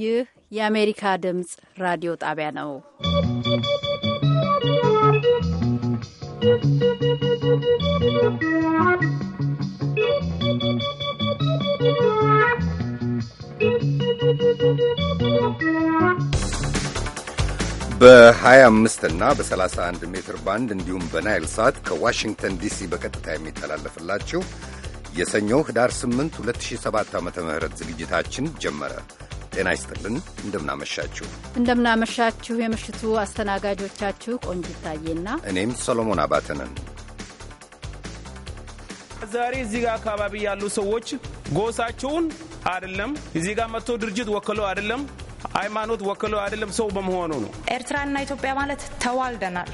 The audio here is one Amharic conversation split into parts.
ይህ የአሜሪካ ድምፅ ራዲዮ ጣቢያ ነው። በ25 እና በ31 ሜትር ባንድ እንዲሁም በናይል ሳት ከዋሽንግተን ዲሲ በቀጥታ የሚተላለፍላችሁ የሰኞው ህዳር 8 2007 ዓ ም ዝግጅታችን ጀመረ። ጤና ይስጥልን። እንደምናመሻችሁ እንደምናመሻችሁ። የምሽቱ አስተናጋጆቻችሁ ቆንጅ ይታየና እኔም ሰሎሞን አባተ ዛሬ እዚህ ጋር አካባቢ ያሉ ሰዎች ጎሳቸውን አይደለም እዚህ ጋር መጥቶ ድርጅት ወክለው አይደለም ሃይማኖት ወክለው አይደለም ሰው በመሆኑ ነው። ኤርትራና ኢትዮጵያ ማለት ተዋልደናል፣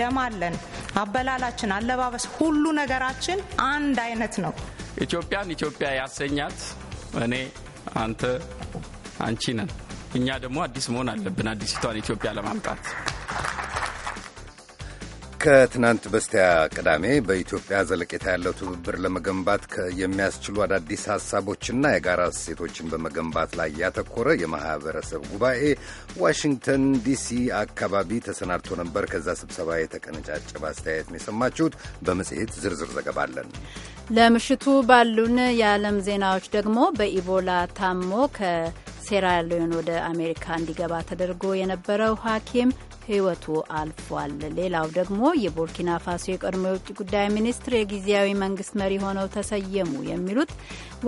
ደም አለን፣ አበላላችን፣ አለባበስ፣ ሁሉ ነገራችን አንድ አይነት ነው። ኢትዮጵያን ኢትዮጵያ ያሰኛት እኔ አንተ አንቺ ነን። እኛ ደግሞ አዲስ መሆን አለብን፣ አዲሲቷን ኢትዮጵያ ለማምጣት። ከትናንት በስቲያ ቅዳሜ በኢትዮጵያ ዘለቄታ ያለው ትብብር ለመገንባት የሚያስችሉ አዳዲስ ሀሳቦችና የጋራ እሴቶችን በመገንባት ላይ ያተኮረ የማህበረሰብ ጉባኤ ዋሽንግተን ዲሲ አካባቢ ተሰናድቶ ነበር። ከዛ ስብሰባ የተቀነጫጨበ አስተያየት ነው የሰማችሁት። በመጽሔት ዝርዝር ዘገባ አለን። ለምሽቱ ባሉን የዓለም ዜናዎች ደግሞ በኢቦላ ታሞ ከሴራሊዮን ወደ አሜሪካ እንዲገባ ተደርጎ የነበረው ሐኪም ሕይወቱ አልፏል። ሌላው ደግሞ የቡርኪና ፋሶ የቀድሞ የውጭ ጉዳይ ሚኒስትር የጊዜያዊ መንግስት መሪ ሆነው ተሰየሙ የሚሉት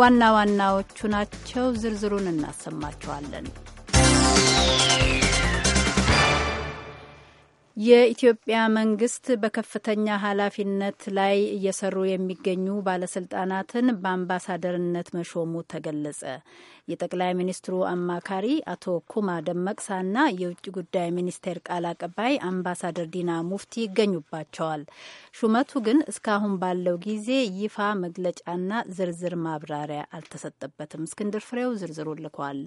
ዋና ዋናዎቹ ናቸው። ዝርዝሩን እናሰማቸዋለን። የኢትዮጵያ መንግስት በከፍተኛ ኃላፊነት ላይ እየሰሩ የሚገኙ ባለስልጣናትን በአምባሳደርነት መሾሙ ተገለጸ። የጠቅላይ ሚኒስትሩ አማካሪ አቶ ኩማ ደመቅሳና የውጭ ጉዳይ ሚኒስቴር ቃል አቀባይ አምባሳደር ዲና ሙፍቲ ይገኙባቸዋል። ሹመቱ ግን እስካሁን ባለው ጊዜ ይፋ መግለጫና ዝርዝር ማብራሪያ አልተሰጠበትም። እስክንድር ፍሬው ዝርዝሩ ልኳል።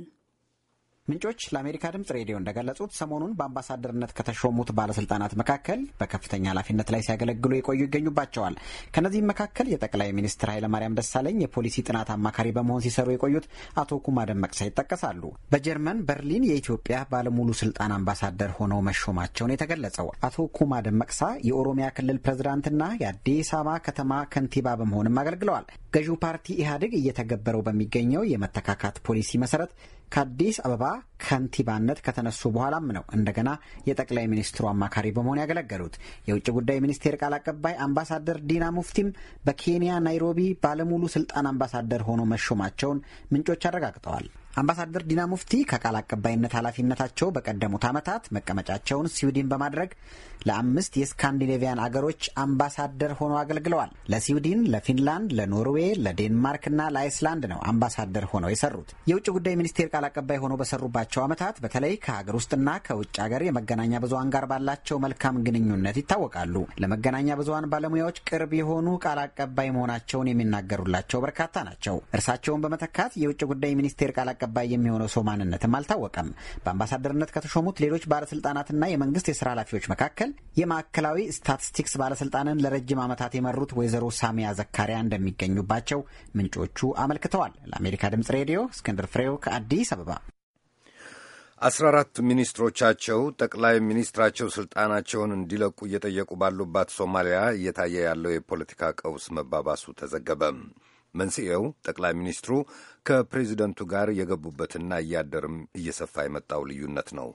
ምንጮች ለአሜሪካ ድምፅ ሬዲዮ እንደገለጹት ሰሞኑን በአምባሳደርነት ከተሾሙት ባለስልጣናት መካከል በከፍተኛ ኃላፊነት ላይ ሲያገለግሉ የቆዩ ይገኙባቸዋል። ከእነዚህም መካከል የጠቅላይ ሚኒስትር ኃይለማርያም ደሳለኝ የፖሊሲ ጥናት አማካሪ በመሆን ሲሰሩ የቆዩት አቶ ኩማ ደመቅሳ ይጠቀሳሉ። በጀርመን በርሊን የኢትዮጵያ ባለሙሉ ስልጣን አምባሳደር ሆነው መሾማቸውን የተገለጸው አቶ ኩማ ደመቅሳ የኦሮሚያ ክልል ፕሬዝዳንትና የአዲስ አበባ ከተማ ከንቲባ በመሆንም አገልግለዋል። ገዢው ፓርቲ ኢህአዴግ እየተገበረው በሚገኘው የመተካካት ፖሊሲ መሰረት ከአዲስ አበባ ከንቲባነት ከተነሱ በኋላም ነው እንደገና የጠቅላይ ሚኒስትሩ አማካሪ በመሆን ያገለገሉት። የውጭ ጉዳይ ሚኒስቴር ቃል አቀባይ አምባሳደር ዲና ሙፍቲም በኬንያ ናይሮቢ ባለሙሉ ስልጣን አምባሳደር ሆኖ መሾማቸውን ምንጮች አረጋግጠዋል። አምባሳደር ዲና ሙፍቲ ከቃል አቀባይነት ኃላፊነታቸው በቀደሙት ዓመታት መቀመጫቸውን ስዊድን በማድረግ ለአምስት የስካንዲኔቪያን አገሮች አምባሳደር ሆነው አገልግለዋል። ለስዊድን፣ ለፊንላንድ፣ ለኖርዌይ፣ ለዴንማርክና ለአይስላንድ ነው አምባሳደር ሆነው የሰሩት። የውጭ ጉዳይ ሚኒስቴር ቃል አቀባይ ሆኖ በሰሩባቸው ዓመታት በተለይ ከሀገር ውስጥና ከውጭ ሀገር የመገናኛ ብዙሀን ጋር ባላቸው መልካም ግንኙነት ይታወቃሉ። ለመገናኛ ብዙሀን ባለሙያዎች ቅርብ የሆኑ ቃል አቀባይ መሆናቸውን የሚናገሩላቸው በርካታ ናቸው። እርሳቸውን በመተካት የውጭ ጉዳይ ሚኒስቴር ቃል አቀባይ የሚሆነው ሰው ማንነትም አልታወቀም። በአምባሳደርነት ከተሾሙት ሌሎች ባለስልጣናትና የመንግስት የስራ ኃላፊዎች መካከል የማዕከላዊ ስታቲስቲክስ ባለስልጣንን ለረጅም ዓመታት የመሩት ወይዘሮ ሳሚያ ዘካሪያ እንደሚገኙባቸው ምንጮቹ አመልክተዋል። ለአሜሪካ ድምጽ ሬዲዮ እስክንድር ፍሬው ከአዲስ አበባ። አስራ አራት ሚኒስትሮቻቸው ጠቅላይ ሚኒስትራቸው ስልጣናቸውን እንዲለቁ እየጠየቁ ባሉባት ሶማሊያ እየታየ ያለው የፖለቲካ ቀውስ መባባሱ ተዘገበ። መንስኤው ጠቅላይ ሚኒስትሩ ከፕሬዚደንቱ ጋር የገቡበትና እያደርም እየሰፋ የመጣው ልዩነት ነው።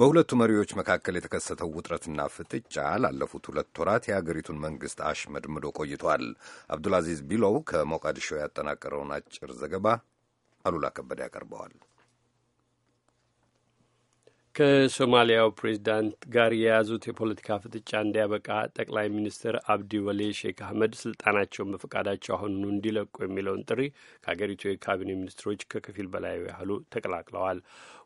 በሁለቱ መሪዎች መካከል የተከሰተው ውጥረትና ፍጥጫ ላለፉት ሁለት ወራት የአገሪቱን መንግስት አሽመድምዶ ቆይቷል። አብዱልአዚዝ ቢሎው ከሞቃዲሾ ያጠናቀረውን አጭር ዘገባ አሉላ ከበደ ያቀርበዋል። ከሶማሊያው ፕሬዚዳንት ጋር የያዙት የፖለቲካ ፍጥጫ እንዲያበቃ ጠቅላይ ሚኒስትር አብዲ ወሌ ሼክ አህመድ ስልጣናቸውን በፈቃዳቸው አሁኑ እንዲለቁ የሚለውን ጥሪ ከሀገሪቱ የካቢኔ ሚኒስትሮች ከከፊል በላይ ያህሉ ተቀላቅለዋል።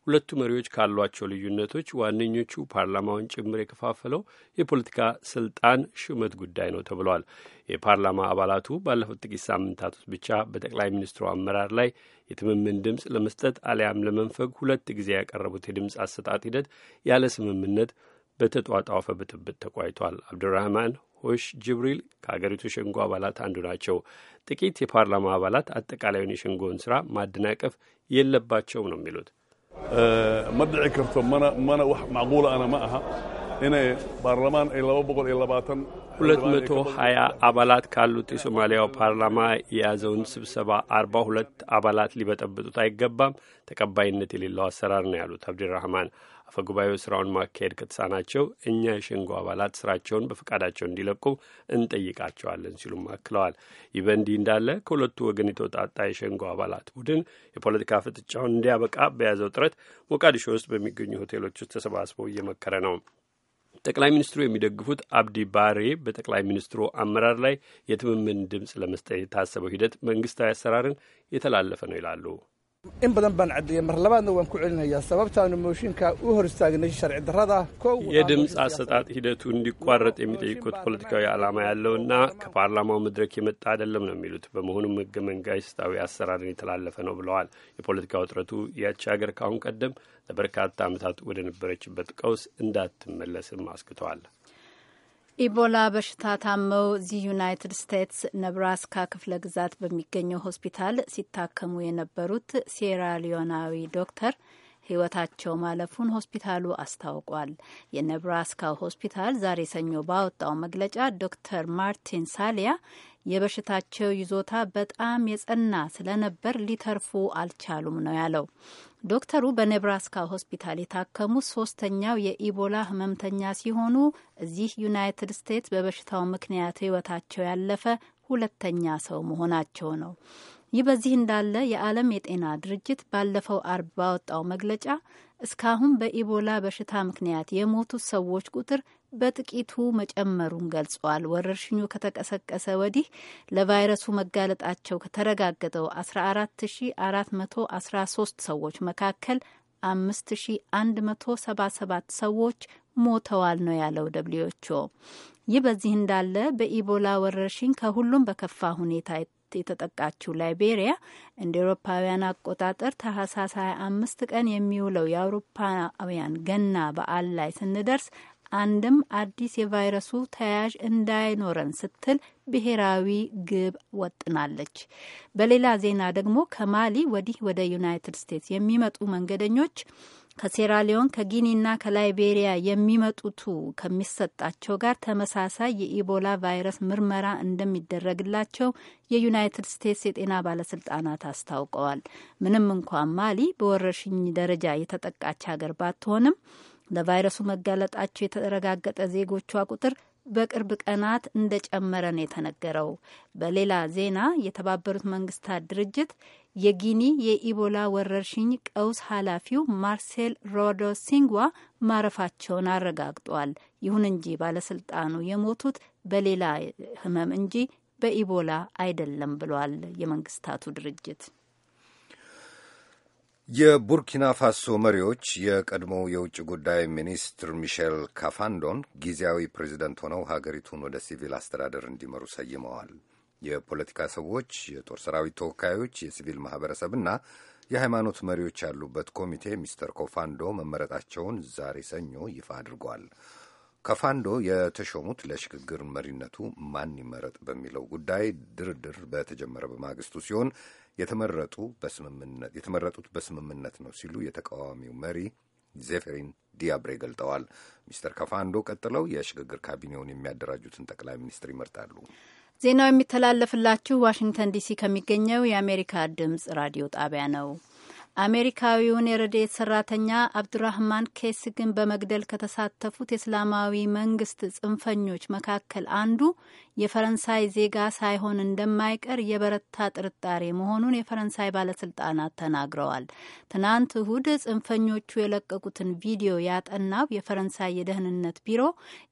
ሁለቱ መሪዎች ካሏቸው ልዩነቶች ዋነኞቹ ፓርላማውን ጭምር የከፋፈለው የፖለቲካ ስልጣን ሹመት ጉዳይ ነው ተብሏል። የፓርላማ አባላቱ ባለፉት ጥቂት ሳምንታት ውስጥ ብቻ በጠቅላይ ሚኒስትሩ አመራር ላይ የትምምን ድምፅ ለመስጠት አሊያም ለመንፈግ ሁለት ጊዜ ያቀረቡት የድምፅ አሰጣጥ ሂደት ያለ ስምምነት በተጧጧፈ ብጥብጥ ተቋይቷል። አብዱራህማን ሆሽ ጅብሪል ከሀገሪቱ ሸንጎ አባላት አንዱ ናቸው። ጥቂት የፓርላማ አባላት አጠቃላዩን የሸንጎውን ስራ ማደናቀፍ የለባቸውም ነው የሚሉት። Eh, ma dhici karto mana mana wax macquula ana ma aha inay baarlamaan ay laba boqol iyo labaatan ሁለት መቶ ሀያ አባላት ካሉት የሶማሊያው ፓርላማ የያዘውን ስብሰባ አርባ ሁለት አባላት ሊበጠብጡት አይገባም፣ ተቀባይነት የሌለው አሰራር ነው ያሉት አብድራህማን ጉባኤው ስራውን ማካሄድ ከተሳናቸው እኛ የሸንጎ አባላት ስራቸውን በፈቃዳቸው እንዲለቁ እንጠይቃቸዋለን ሲሉም አክለዋል። ይህ በእንዲህ እንዳለ ከሁለቱ ወገን የተውጣጣ የሸንጎ አባላት ቡድን የፖለቲካ ፍጥጫውን እንዲያበቃ በያዘው ጥረት ሞቃዲሾ ውስጥ በሚገኙ ሆቴሎች ውስጥ ተሰባስበው እየመከረ ነው። ጠቅላይ ሚኒስትሩ የሚደግፉት አብዲ ባሬ በጠቅላይ ሚኒስትሩ አመራር ላይ የትምምን ድምፅ ለመስጠት የታሰበው ሂደት መንግስታዊ አሰራርን የተላለፈ ነው ይላሉ። in badan baan cadeeyey mar labaadna waan ku celinayaa sababtaanu mooshinka u hor istaagnay sharci darrada የድምፅ አሰጣጥ ሂደቱ እንዲቋረጥ የሚጠይቁት ፖለቲካዊ ዓላማ ያለውና ከፓርላማው መድረክ የመጣ አይደለም ነው የሚሉት። በመሆኑም ህገ መንግስታዊ አሰራርን የተላለፈ ነው ብለዋል። የፖለቲካ ውጥረቱ ያቺ ሀገር ካሁን ቀደም ለበርካታ ዓመታት ወደ ነበረችበት ቀውስ እንዳትመለስም አስግተዋል። ኢቦላ በሽታ ታመው እዚህ ዩናይትድ ስቴትስ ነብራስካ ክፍለ ግዛት በሚገኘው ሆስፒታል ሲታከሙ የነበሩት ሴራሊዮናዊ ዶክተር ህይወታቸው ማለፉን ሆስፒታሉ አስታውቋል። የነብራስካው ሆስፒታል ዛሬ ሰኞ ባወጣው መግለጫ ዶክተር ማርቲን ሳሊያ የበሽታቸው ይዞታ በጣም የጸና ስለነበር ሊተርፉ አልቻሉም ነው ያለው። ዶክተሩ በኔብራስካ ሆስፒታል የታከሙ ሶስተኛው የኢቦላ ህመምተኛ ሲሆኑ እዚህ ዩናይትድ ስቴትስ በበሽታው ምክንያት ህይወታቸው ያለፈ ሁለተኛ ሰው መሆናቸው ነው። ይህ በዚህ እንዳለ የዓለም የጤና ድርጅት ባለፈው አርብ ባወጣው መግለጫ እስካሁን በኢቦላ በሽታ ምክንያት የሞቱት ሰዎች ቁጥር በጥቂቱ መጨመሩን ገልጿል። ወረርሽኙ ከተቀሰቀሰ ወዲህ ለቫይረሱ መጋለጣቸው ከተረጋገጠው 14413 ሰዎች መካከል 5177 ሰዎች ሞተዋል ነው ያለው ደብሊውኤችኦ። ይህ በዚህ እንዳለ በኢቦላ ወረርሽኝ ከሁሉም በከፋ ሁኔታ የተጠቃችው ላይቤሪያ እንደ ኤሮፓውያን አቆጣጠር ታህሳስ 25 ቀን የሚውለው የአውሮፓውያን ገና በዓል ላይ ስንደርስ አንድም አዲስ የቫይረሱ ተያያዥ እንዳይኖረን ስትል ብሔራዊ ግብ ወጥናለች። በሌላ ዜና ደግሞ ከማሊ ወዲህ ወደ ዩናይትድ ስቴትስ የሚመጡ መንገደኞች ከሴራሊዮን ከጊኒና ከላይቤሪያ የሚመጡቱ ከሚሰጣቸው ጋር ተመሳሳይ የኢቦላ ቫይረስ ምርመራ እንደሚደረግላቸው የዩናይትድ ስቴትስ የጤና ባለስልጣናት አስታውቀዋል። ምንም እንኳን ማሊ በወረርሽኝ ደረጃ የተጠቃች ሀገር ባትሆንም ለቫይረሱ መጋለጣቸው የተረጋገጠ ዜጎቿ ቁጥር በቅርብ ቀናት እንደጨመረ ነው የተነገረው። በሌላ ዜና የተባበሩት መንግስታት ድርጅት የጊኒ የኢቦላ ወረርሽኝ ቀውስ ኃላፊው ማርሴል ሮዶ ሲንጓ ማረፋቸውን አረጋግጧል። ይሁን እንጂ ባለስልጣኑ የሞቱት በሌላ ህመም እንጂ በኢቦላ አይደለም ብሏል የመንግስታቱ ድርጅት። የቡርኪና ፋሶ መሪዎች የቀድሞ የውጭ ጉዳይ ሚኒስትር ሚሼል ካፋንዶን ጊዜያዊ ፕሬዚደንት ሆነው ሀገሪቱን ወደ ሲቪል አስተዳደር እንዲመሩ ሰይመዋል። የፖለቲካ ሰዎች፣ የጦር ሰራዊት ተወካዮች፣ የሲቪል ማህበረሰብና የሃይማኖት መሪዎች ያሉበት ኮሚቴ ሚስተር ኮፋንዶ መመረጣቸውን ዛሬ ሰኞ ይፋ አድርጓል። ከፋንዶ የተሾሙት ለሽግግር መሪነቱ ማን ይመረጥ በሚለው ጉዳይ ድርድር በተጀመረ በማግስቱ ሲሆን የተመረጡት በስምምነት ነው ሲሉ የተቃዋሚው መሪ ዜፌሪን ዲያብሬ ገልጠዋል። ሚስተር ካፋንዶ ቀጥለው የሽግግር ካቢኔውን የሚያደራጁትን ጠቅላይ ሚኒስትር ይመርጣሉ። ዜናው የሚተላለፍላችሁ ዋሽንግተን ዲሲ ከሚገኘው የአሜሪካ ድምጽ ራዲዮ ጣቢያ ነው። አሜሪካዊውን የረድኤት ሰራተኛ አብዱራህማን ግን በመግደል ከተሳተፉት የእስላማዊ መንግስት ጽንፈኞች መካከል አንዱ የፈረንሳይ ዜጋ ሳይሆን እንደማይቀር የበረታ ጥርጣሬ መሆኑን የፈረንሳይ ባለስልጣናት ተናግረዋል። ትናንት እሁድ ጽንፈኞቹ የለቀቁትን ቪዲዮ ያጠናው የፈረንሳይ የደህንነት ቢሮ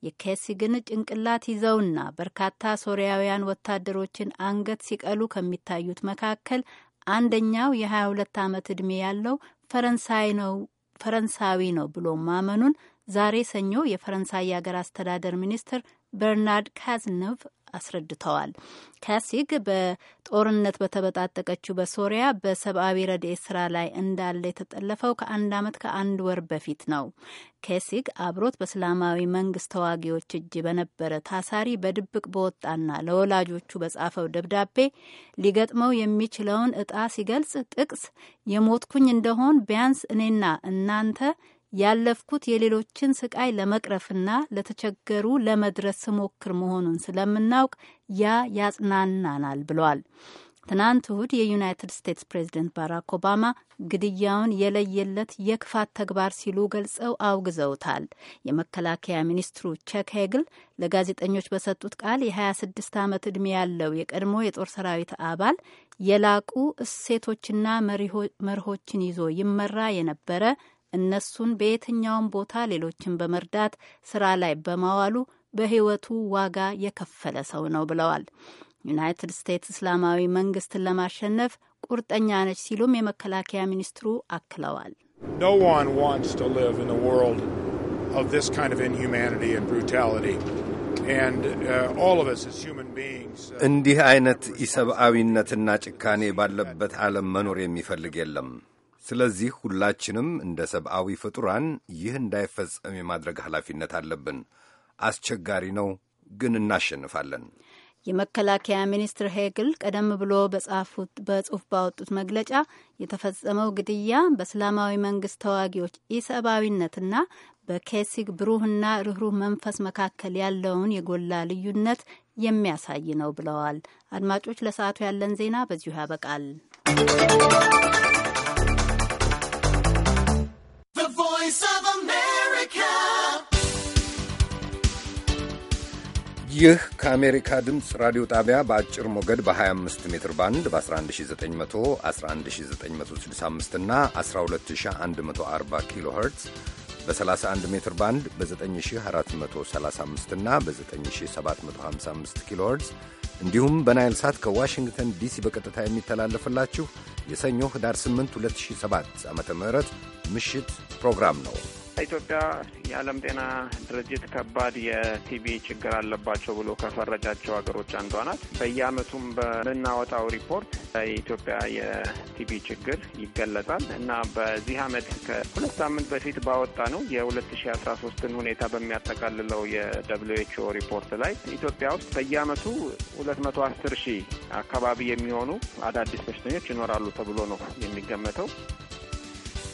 የኬስግን ጭንቅላት ይዘውና በርካታ ሶሪያውያን ወታደሮችን አንገት ሲቀሉ ከሚታዩት መካከል አንደኛው የ22 ዓመት ዕድሜ ያለው ፈረንሳይ ነው ፈረንሳዊ ነው ብሎ ማመኑን ዛሬ ሰኞ የፈረንሳይ የአገር አስተዳደር ሚኒስትር በርናርድ ካዝነቭ አስረድተዋል። ከሲግ በጦርነት በተበጣጠቀችው በሶሪያ በሰብአዊ ረድኤት ስራ ላይ እንዳለ የተጠለፈው ከአንድ ዓመት ከአንድ ወር በፊት ነው። ከሲግ አብሮት በእስላማዊ መንግስት ተዋጊዎች እጅ በነበረ ታሳሪ በድብቅ በወጣና ለወላጆቹ በጻፈው ደብዳቤ ሊገጥመው የሚችለውን እጣ ሲገልጽ ጥቅስ የሞትኩኝ እንደሆን ቢያንስ እኔና እናንተ ያለፍኩት የሌሎችን ስቃይ ለመቅረፍና ለተቸገሩ ለመድረስ ስሞክር መሆኑን ስለምናውቅ ያ ያጽናናናል ብሏል። ትናንት እሁድ የዩናይትድ ስቴትስ ፕሬዝደንት ባራክ ኦባማ ግድያውን የለየለት የክፋት ተግባር ሲሉ ገልጸው አውግዘውታል። የመከላከያ ሚኒስትሩ ቸክ ሄግል ለጋዜጠኞች በሰጡት ቃል የ26 ዓመት ዕድሜ ያለው የቀድሞ የጦር ሰራዊት አባል የላቁ እሴቶችና መርሆችን ይዞ ይመራ የነበረ እነሱን በየትኛውም ቦታ ሌሎችን በመርዳት ስራ ላይ በማዋሉ በህይወቱ ዋጋ የከፈለ ሰው ነው ብለዋል። ዩናይትድ ስቴትስ እስላማዊ መንግስትን ለማሸነፍ ቁርጠኛ ነች ሲሉም የመከላከያ ሚኒስትሩ አክለዋል። uh, እንዲህ አይነት ኢሰብአዊነትና ጭካኔ ባለበት ዓለም መኖር የሚፈልግ የለም። ስለዚህ ሁላችንም እንደ ሰብአዊ ፍጡራን ይህ እንዳይፈጸም የማድረግ ኃላፊነት አለብን። አስቸጋሪ ነው፣ ግን እናሸንፋለን። የመከላከያ ሚኒስትር ሄግል ቀደም ብሎ በጽሁፍ ባወጡት መግለጫ የተፈጸመው ግድያ በእስላማዊ መንግስት ተዋጊዎች ኢሰብአዊነትና በኬሲግ ብሩህና ርኅሩህ መንፈስ መካከል ያለውን የጎላ ልዩነት የሚያሳይ ነው ብለዋል። አድማጮች፣ ለሰዓቱ ያለን ዜና በዚሁ ያበቃል። ይህ ከአሜሪካ ድምፅ ራዲዮ ጣቢያ በአጭር ሞገድ በ25 ሜትር ባንድ በ11911965 እና 12140 ኪሎ ኸርትዝ በ31 ሜትር ባንድ በ9435 እና በ9755 ኪሎ ኸርትዝ እንዲሁም በናይል ሳት ከዋሽንግተን ዲሲ በቀጥታ የሚተላለፍላችሁ የሰኞ ህዳር 8 2007 ዓ ም ምሽት ፕሮግራም ነው። ኢትዮጵያ የዓለም ጤና ድርጅት ከባድ የቲቢ ችግር አለባቸው ብሎ ከፈረጃቸው ሀገሮች አንዷ ናት። በየዓመቱም በምናወጣው ሪፖርት የኢትዮጵያ የቲቢ ችግር ይገለጻል እና በዚህ ዓመት ከሁለት ሳምንት በፊት ባወጣ ነው የ2013ን ሁኔታ በሚያጠቃልለው የደብሊው ኤች ኦ ሪፖርት ላይ ኢትዮጵያ ውስጥ በየዓመቱ 210 ሺህ አካባቢ የሚሆኑ አዳዲስ በሽተኞች ይኖራሉ ተብሎ ነው የሚገመተው።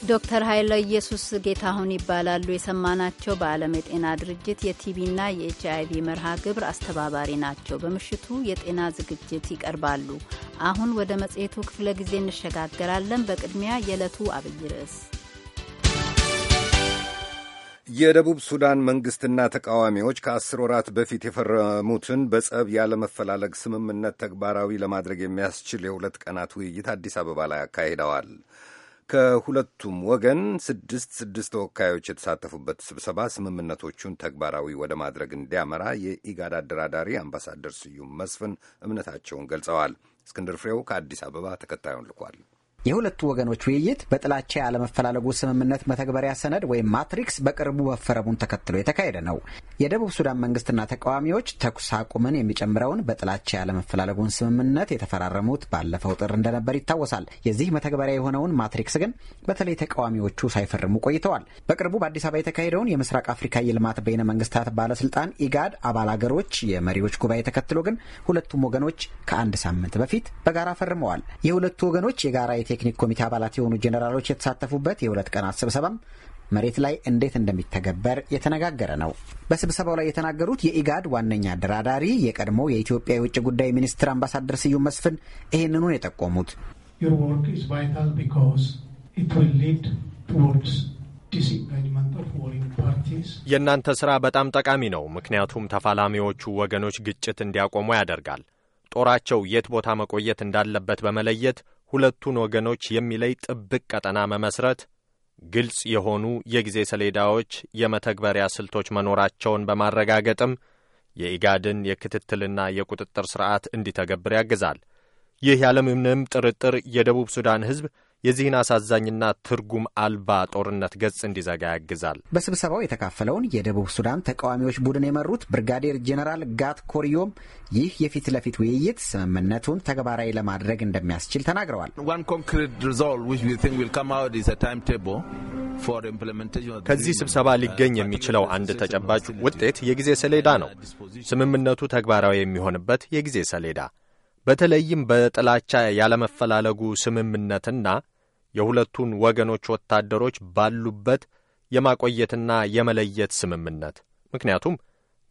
ዶክተር ኃይለ ኢየሱስ ጌታሁን ይባላሉ። የሰማናቸው በዓለም የጤና ድርጅት የቲቢና የኤች አይቪ መርሃ ግብር አስተባባሪ ናቸው። በምሽቱ የጤና ዝግጅት ይቀርባሉ። አሁን ወደ መጽሔቱ ክፍለ ጊዜ እንሸጋገራለን። በቅድሚያ የዕለቱ አብይ ርዕስ የደቡብ ሱዳን መንግሥትና ተቃዋሚዎች ከአስር ወራት በፊት የፈረሙትን በጸብ ያለመፈላለግ ስምምነት ተግባራዊ ለማድረግ የሚያስችል የሁለት ቀናት ውይይት አዲስ አበባ ላይ አካሂደዋል። ከሁለቱም ወገን ስድስት ስድስት ተወካዮች የተሳተፉበት ስብሰባ ስምምነቶቹን ተግባራዊ ወደ ማድረግ እንዲያመራ የኢጋድ አደራዳሪ አምባሳደር ስዩም መስፍን እምነታቸውን ገልጸዋል። እስክንድር ፍሬው ከአዲስ አበባ ተከታዩን ልኳል። የሁለቱ ወገኖች ውይይት በጥላቻ ያለመፈላለጉ ስምምነት መተግበሪያ ሰነድ ወይም ማትሪክስ በቅርቡ መፈረሙን ተከትሎ የተካሄደ ነው። የደቡብ ሱዳን መንግስትና ተቃዋሚዎች ተኩስ አቁምን የሚጨምረውን በጥላቻ ያለመፈላለጉን ስምምነት የተፈራረሙት ባለፈው ጥር እንደነበር ይታወሳል። የዚህ መተግበሪያ የሆነውን ማትሪክስ ግን በተለይ ተቃዋሚዎቹ ሳይፈርሙ ቆይተዋል። በቅርቡ በአዲስ አበባ የተካሄደውን የምስራቅ አፍሪካ የልማት በይነ መንግስታት ባለስልጣን ኢጋድ አባል አገሮች የመሪዎች ጉባኤ ተከትሎ ግን ሁለቱም ወገኖች ከአንድ ሳምንት በፊት በጋራ ፈርመዋል። የሁለቱ ወገኖች የጋራ የቴክኒክ ኮሚቴ አባላት የሆኑ ጄኔራሎች የተሳተፉበት የሁለት ቀናት ስብሰባም መሬት ላይ እንዴት እንደሚተገበር የተነጋገረ ነው። በስብሰባው ላይ የተናገሩት የኢጋድ ዋነኛ አደራዳሪ የቀድሞ የኢትዮጵያ የውጭ ጉዳይ ሚኒስትር አምባሳደር ስዩም መስፍን ይህንኑን የጠቆሙት የእናንተ ስራ በጣም ጠቃሚ ነው። ምክንያቱም ተፋላሚዎቹ ወገኖች ግጭት እንዲያቆሙ ያደርጋል። ጦራቸው የት ቦታ መቆየት እንዳለበት በመለየት ሁለቱን ወገኖች የሚለይ ጥብቅ ቀጠና መመስረት፣ ግልጽ የሆኑ የጊዜ ሰሌዳዎች፣ የመተግበሪያ ስልቶች መኖራቸውን በማረጋገጥም የኢጋድን የክትትልና የቁጥጥር ስርዓት እንዲተገብር ያግዛል። ይህ ያለምንም ጥርጥር የደቡብ ሱዳን ሕዝብ የዚህን አሳዛኝና ትርጉም አልባ ጦርነት ገጽ እንዲዘጋ ያግዛል። በስብሰባው የተካፈለውን የደቡብ ሱዳን ተቃዋሚዎች ቡድን የመሩት ብርጋዴር ጄኔራል ጋት ኮሪዮም ይህ የፊት ለፊት ውይይት ስምምነቱን ተግባራዊ ለማድረግ እንደሚያስችል ተናግረዋል። ከዚህ ስብሰባ ሊገኝ የሚችለው አንድ ተጨባጭ ውጤት የጊዜ ሰሌዳ ነው። ስምምነቱ ተግባራዊ የሚሆንበት የጊዜ ሰሌዳ በተለይም በጥላቻ ያለመፈላለጉ ስምምነትና የሁለቱን ወገኖች ወታደሮች ባሉበት የማቆየትና የመለየት ስምምነት። ምክንያቱም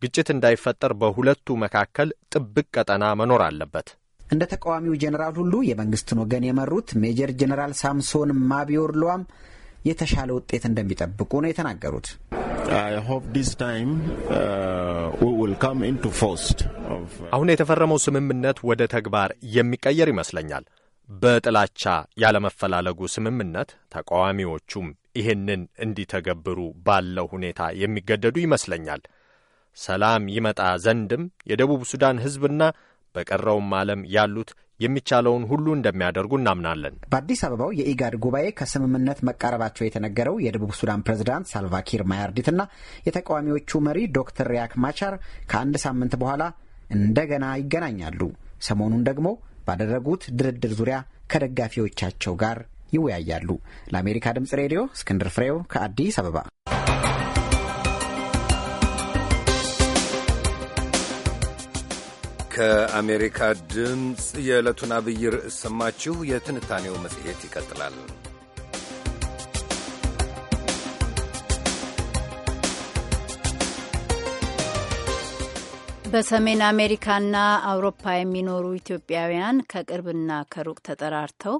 ግጭት እንዳይፈጠር በሁለቱ መካከል ጥብቅ ቀጠና መኖር አለበት። እንደ ተቃዋሚው ጄኔራል ሁሉ የመንግስትን ወገን የመሩት ሜጀር ጄኔራል ሳምሶን ማቢዮር የተሻለ ውጤት እንደሚጠብቁ ነው የተናገሩት። አሁን የተፈረመው ስምምነት ወደ ተግባር የሚቀየር ይመስለኛል። በጥላቻ ያለመፈላለጉ ስምምነት ተቃዋሚዎቹም ይህንን እንዲተገብሩ ባለው ሁኔታ የሚገደዱ ይመስለኛል። ሰላም ይመጣ ዘንድም የደቡብ ሱዳን ሕዝብና በቀረውም ዓለም ያሉት የሚቻለውን ሁሉ እንደሚያደርጉ እናምናለን። በአዲስ አበባው የኢጋድ ጉባኤ ከስምምነት መቃረባቸው የተነገረው የደቡብ ሱዳን ፕሬዝዳንት ሳልቫኪር ማያርዲትና የተቃዋሚዎቹ መሪ ዶክተር ሪያክ ማቻር ከአንድ ሳምንት በኋላ እንደገና ይገናኛሉ። ሰሞኑን ደግሞ ባደረጉት ድርድር ዙሪያ ከደጋፊዎቻቸው ጋር ይወያያሉ። ለአሜሪካ ድምፅ ሬዲዮ እስክንድር ፍሬው ከአዲስ አበባ ከአሜሪካ ድምፅ የዕለቱን አብይ ርዕስ ሰማችሁ። የትንታኔው መጽሔት ይቀጥላል። በሰሜን አሜሪካና አውሮፓ የሚኖሩ ኢትዮጵያውያን ከቅርብና ከሩቅ ተጠራርተው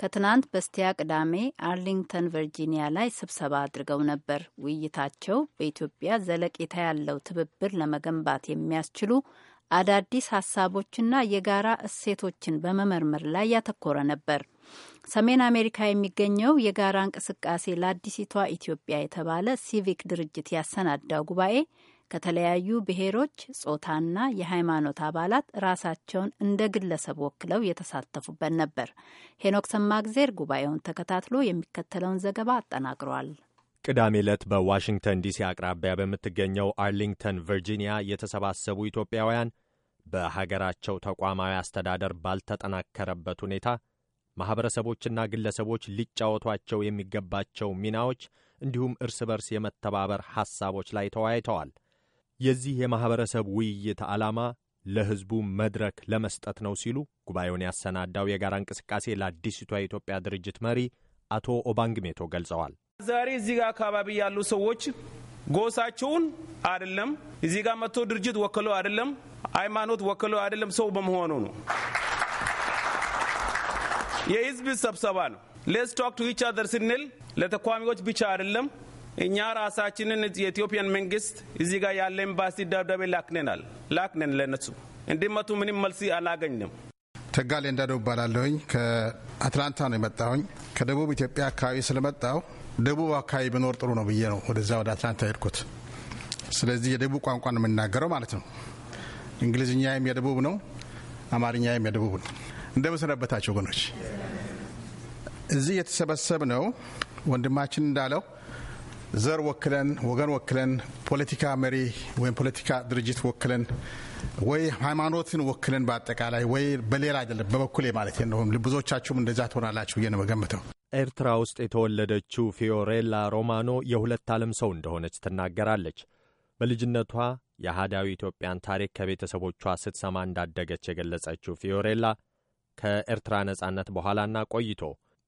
ከትናንት በስቲያ ቅዳሜ አርሊንግተን ቨርጂኒያ ላይ ስብሰባ አድርገው ነበር። ውይይታቸው በኢትዮጵያ ዘለቄታ ያለው ትብብር ለመገንባት የሚያስችሉ አዳዲስ ሀሳቦችና የጋራ እሴቶችን በመመርመር ላይ ያተኮረ ነበር። ሰሜን አሜሪካ የሚገኘው የጋራ እንቅስቃሴ ለአዲሲቷ ኢትዮጵያ የተባለ ሲቪክ ድርጅት ያሰናዳው ጉባኤ ከተለያዩ ብሔሮች፣ ጾታና የሃይማኖት አባላት ራሳቸውን እንደ ግለሰብ ወክለው የተሳተፉበት ነበር። ሄኖክ ሰማግዜር ጉባኤውን ተከታትሎ የሚከተለውን ዘገባ አጠናቅሯል። ቅዳሜ ዕለት በዋሽንግተን ዲሲ አቅራቢያ በምትገኘው አርሊንግተን ቨርጂኒያ የተሰባሰቡ ኢትዮጵያውያን በሀገራቸው ተቋማዊ አስተዳደር ባልተጠናከረበት ሁኔታ ማኅበረሰቦችና ግለሰቦች ሊጫወቷቸው የሚገባቸው ሚናዎች እንዲሁም እርስ በርስ የመተባበር ሐሳቦች ላይ ተወያይተዋል። የዚህ የማኅበረሰብ ውይይት ዓላማ ለሕዝቡ መድረክ ለመስጠት ነው ሲሉ ጉባኤውን ያሰናዳው የጋራ እንቅስቃሴ ለአዲሲቷ የኢትዮጵያ ድርጅት መሪ አቶ ኦባንግሜቶ ገልጸዋል። ዛሬ እዚህ ጋር አካባቢ ያሉ ሰዎች ጎሳቸውን አይደለም እዚህ ጋር መጥቶ ድርጅት ወክሎ አይደለም ሃይማኖት ወክሎ አይደለም ሰው በመሆኑ ነው። የህዝብ ስብሰባ ነው። ሌስ ቶክ ቱ ኢች አዘር ስንል ለተቋሚዎች ብቻ አይደለም። እኛ ራሳችንን የኢትዮጵያን መንግስት እዚህ ጋር ያለ ኤምባሲ ደብዳቤ ላክነናል ላክነን ለነሱ እንዲመቱ ምንም መልስ አላገኝም። ተጋሌ እንዳደው እባላለሁኝ። ከአትላንታ ነው የመጣሁኝ። ከደቡብ ኢትዮጵያ አካባቢ ስለመጣው ደቡብ አካባቢ ብኖር ጥሩ ነው ብዬ ነው ወደዛ ወደ አትላንታ ሄድኩት። ስለዚህ የደቡብ ቋንቋ ነው የምናገረው ማለት ነው። እንግሊዝኛም የደቡብ ነው፣ አማርኛም የደቡብ ነው። እንደምሰነበታቸው ወገኖች፣ እዚህ የተሰበሰብ ነው ወንድማችን እንዳለው ዘር ወክለን ወገን ወክለን ፖለቲካ መሪ ወይም ፖለቲካ ድርጅት ወክለን ወይ ሃይማኖትን ወክለን በአጠቃላይ ወይ በሌላ አይደለም፣ በበኩሌ ማለት ነው። ብዙዎቻችሁም እንደዛ ትሆናላችሁ ብዬ ነው የምገምተው። ኤርትራ ውስጥ የተወለደችው ፊዮሬላ ሮማኖ የሁለት ዓለም ሰው እንደሆነች ትናገራለች። በልጅነቷ የአህዳዊ ኢትዮጵያን ታሪክ ከቤተሰቦቿ ስትሰማ እንዳደገች የገለጸችው ፊዮሬላ ከኤርትራ ነጻነት በኋላና ቆይቶ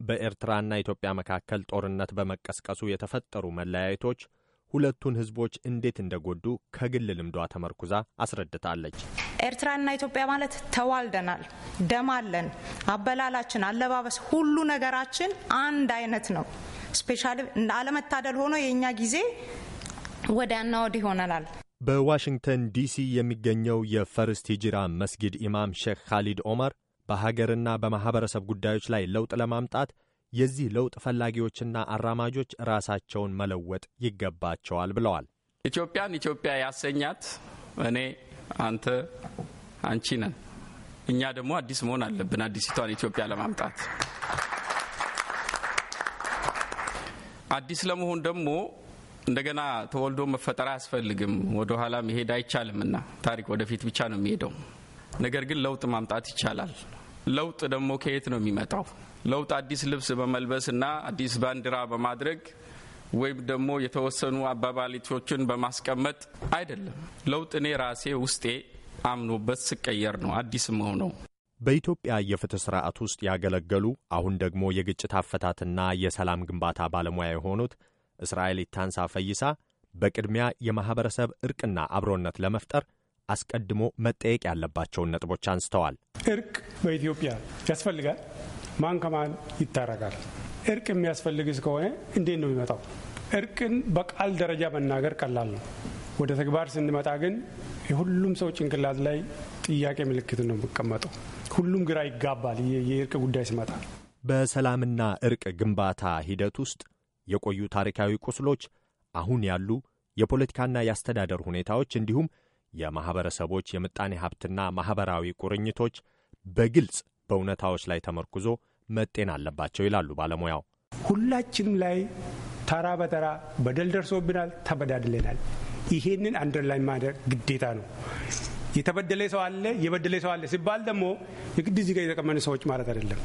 በኤርትራና ኢትዮጵያ መካከል ጦርነት በመቀስቀሱ የተፈጠሩ መለያየቶች ሁለቱን ሕዝቦች እንዴት እንደጎዱ ከግል ልምዷ ተመርኩዛ አስረድታለች። ኤርትራና ኢትዮጵያ ማለት ተዋልደናል፣ ደም አለን፣ አበላላችን፣ አለባበስ፣ ሁሉ ነገራችን አንድ አይነት ነው። ስፔሻሊ አለመታደል ሆኖ የእኛ ጊዜ ወዲያና ወዲህ ሆነናል። በዋሽንግተን ዲሲ የሚገኘው የፈርስት ሂጅራ መስጊድ ኢማም ሼክ ካሊድ ኦመር በሀገርና በማኅበረሰብ ጉዳዮች ላይ ለውጥ ለማምጣት የዚህ ለውጥ ፈላጊዎችና አራማጆች ራሳቸውን መለወጥ ይገባቸዋል ብለዋል። ኢትዮጵያን ኢትዮጵያ ያሰኛት እኔ አንተ አንቺ ነን። እኛ ደግሞ አዲስ መሆን አለብን፣ አዲሲቷን ኢትዮጵያ ለማምጣት። አዲስ ለመሆን ደግሞ እንደገና ተወልዶ መፈጠር አያስፈልግም። ወደ ኋላ መሄድ አይቻልምና ታሪክ ወደፊት ብቻ ነው የሚሄደው። ነገር ግን ለውጥ ማምጣት ይቻላል። ለውጥ ደግሞ ከየት ነው የሚመጣው? ለውጥ አዲስ ልብስ በመልበስና አዲስ ባንዲራ በማድረግ ወይም ደግሞ የተወሰኑ አባባሊቶችን በማስቀመጥ አይደለም። ለውጥ እኔ ራሴ ውስጤ አምኖበት ስቀየር ነው አዲስ መሆነው። በኢትዮጵያ የፍትህ ስርዓት ውስጥ ያገለገሉ አሁን ደግሞ የግጭት አፈታትና የሰላም ግንባታ ባለሙያ የሆኑት እስራኤል ታንሳ ፈይሳ በቅድሚያ የማኅበረሰብ እርቅና አብሮነት ለመፍጠር አስቀድሞ መጠየቅ ያለባቸውን ነጥቦች አንስተዋል። እርቅ በኢትዮጵያ ያስፈልጋል። ማን ከማን ይታረቃል? እርቅ የሚያስፈልግ እስከሆነ እንዴት ነው የሚመጣው? እርቅን በቃል ደረጃ መናገር ቀላል ነው። ወደ ተግባር ስንመጣ ግን የሁሉም ሰው ጭንቅላት ላይ ጥያቄ ምልክት ነው የሚቀመጠው። ሁሉም ግራ ይጋባል። የእርቅ ጉዳይ ሲመጣ በሰላምና እርቅ ግንባታ ሂደት ውስጥ የቆዩ ታሪካዊ ቁስሎች፣ አሁን ያሉ የፖለቲካና የአስተዳደር ሁኔታዎች እንዲሁም የማኅበረሰቦች የምጣኔ ሀብትና ማኅበራዊ ቁርኝቶች በግልጽ በእውነታዎች ላይ ተመርኩዞ መጤን አለባቸው ይላሉ ባለሙያው። ሁላችንም ላይ ተራ በተራ በደል ደርሶብናል፣ ተበዳድለናል። ይሄንን አንደርላይን ማድረግ ግዴታ ነው። የተበደለ ሰው አለ የበደለ ሰው አለ ሲባል ደግሞ የግድ እዚህ ጋር የተቀመኑ ሰዎች ማለት አይደለም።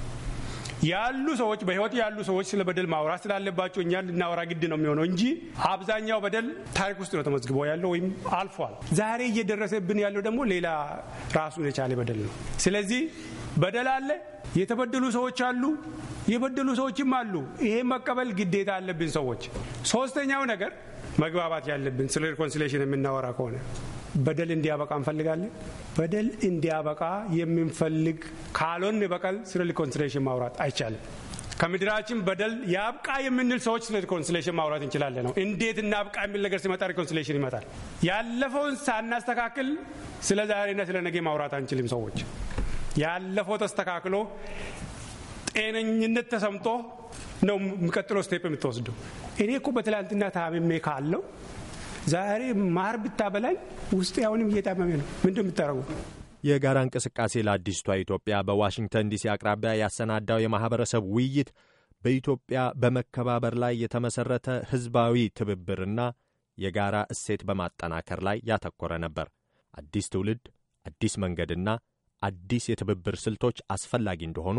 ያሉ ሰዎች በህይወት ያሉ ሰዎች ስለ በደል ማውራት ስላለባቸው እኛ ልናወራ ግድ ነው የሚሆነው እንጂ አብዛኛው በደል ታሪክ ውስጥ ነው ተመዝግቦ ያለው ወይም አልፏል። ዛሬ እየደረሰብን ያለው ደግሞ ሌላ ራሱን የቻለ በደል ነው። ስለዚህ በደል አለ፣ የተበደሉ ሰዎች አሉ፣ የበደሉ ሰዎችም አሉ። ይሄ መቀበል ግዴታ አለብን ሰዎች። ሶስተኛው ነገር መግባባት ያለብን ስለ ሪኮንሲሌሽን የምናወራ ከሆነ በደል እንዲያበቃ እንፈልጋለን። በደል እንዲያበቃ የምንፈልግ ካልሆን በቀል ስለ ሪኮንስሌሽን ማውራት አይቻልም። ከምድራችን በደል ያብቃ የምንል ሰዎች ስለ ሪኮንስሌሽን ማውራት እንችላለን ነው። እንዴት እናብቃ የሚል ነገር ሲመጣ ሪኮንስሌሽን ይመጣል። ያለፈውን ሳናስተካክል ስለ ዛሬና ስለ ነገ ማውራት አንችልም። ሰዎች ያለፈው ተስተካክሎ ጤነኝነት ተሰምቶ ነው የሚቀጥለው ስቴፕ የምትወስደው። እኔ እኮ በትላንትና ታምሜ ካለው ዛሬ ማር ብታበላኝ ውስጥ አሁንም እየታመመ ነው። ምንድን የምታደርገው? የጋራ እንቅስቃሴ ለአዲስቷ ኢትዮጵያ በዋሽንግተን ዲሲ አቅራቢያ ያሰናዳው የማህበረሰብ ውይይት በኢትዮጵያ በመከባበር ላይ የተመሰረተ ህዝባዊ ትብብርና የጋራ እሴት በማጠናከር ላይ ያተኮረ ነበር። አዲስ ትውልድ፣ አዲስ መንገድና አዲስ የትብብር ስልቶች አስፈላጊ እንደሆኑ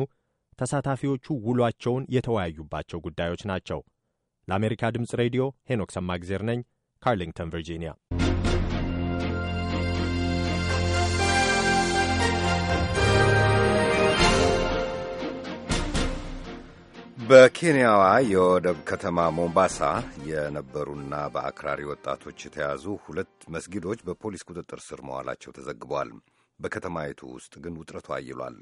ተሳታፊዎቹ ውሏቸውን የተወያዩባቸው ጉዳዮች ናቸው። ለአሜሪካ ድምፅ ሬዲዮ ሄኖክ ሰማግዜር ነኝ። ካርሊንግተን ቨርጂኒያ። በኬንያዋ የወደብ ከተማ ሞምባሳ የነበሩና በአክራሪ ወጣቶች የተያዙ ሁለት መስጊዶች በፖሊስ ቁጥጥር ስር መዋላቸው ተዘግቧል። በከተማይቱ ውስጥ ግን ውጥረቱ አይሏል።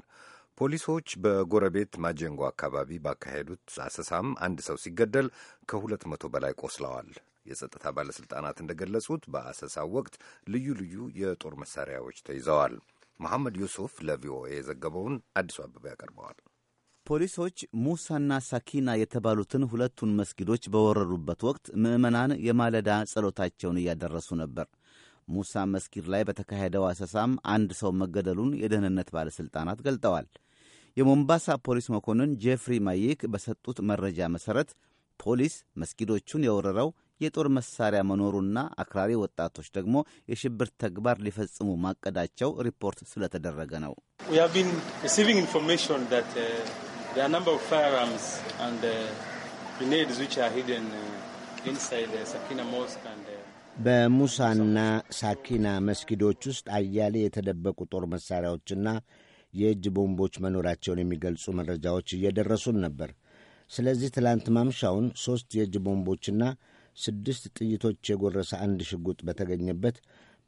ፖሊሶች በጎረቤት ማጀንጎ አካባቢ ባካሄዱት አሰሳም አንድ ሰው ሲገደል ከሁለት መቶ በላይ ቆስለዋል። የጸጥታ ባለሥልጣናት እንደገለጹት በአሰሳው ወቅት ልዩ ልዩ የጦር መሳሪያዎች ተይዘዋል። መሐመድ ዩሱፍ ለቪኦኤ የዘገበውን አዲሱ አበባ ያቀርበዋል። ፖሊሶች ሙሳና ሳኪና የተባሉትን ሁለቱን መስጊዶች በወረሩበት ወቅት ምዕመናን የማለዳ ጸሎታቸውን እያደረሱ ነበር። ሙሳ መስጊድ ላይ በተካሄደው አሰሳም አንድ ሰው መገደሉን የደህንነት ባለሥልጣናት ገልጠዋል። የሞምባሳ ፖሊስ መኮንን ጄፍሪ ማይክ በሰጡት መረጃ መሠረት ፖሊስ መስጊዶቹን የወረረው የጦር መሳሪያ መኖሩና አክራሪ ወጣቶች ደግሞ የሽብር ተግባር ሊፈጽሙ ማቀዳቸው ሪፖርት ስለተደረገ ነው። uh, uh, uh, በሙሳና ሳኪና መስጊዶች ውስጥ አያሌ የተደበቁ ጦር መሳሪያዎችና የእጅ ቦምቦች መኖራቸውን የሚገልጹ መረጃዎች እየደረሱን ነበር። ስለዚህ ትላንት ማምሻውን ሦስት የእጅ ቦምቦችና ስድስት ጥይቶች የጎረሰ አንድ ሽጉጥ በተገኘበት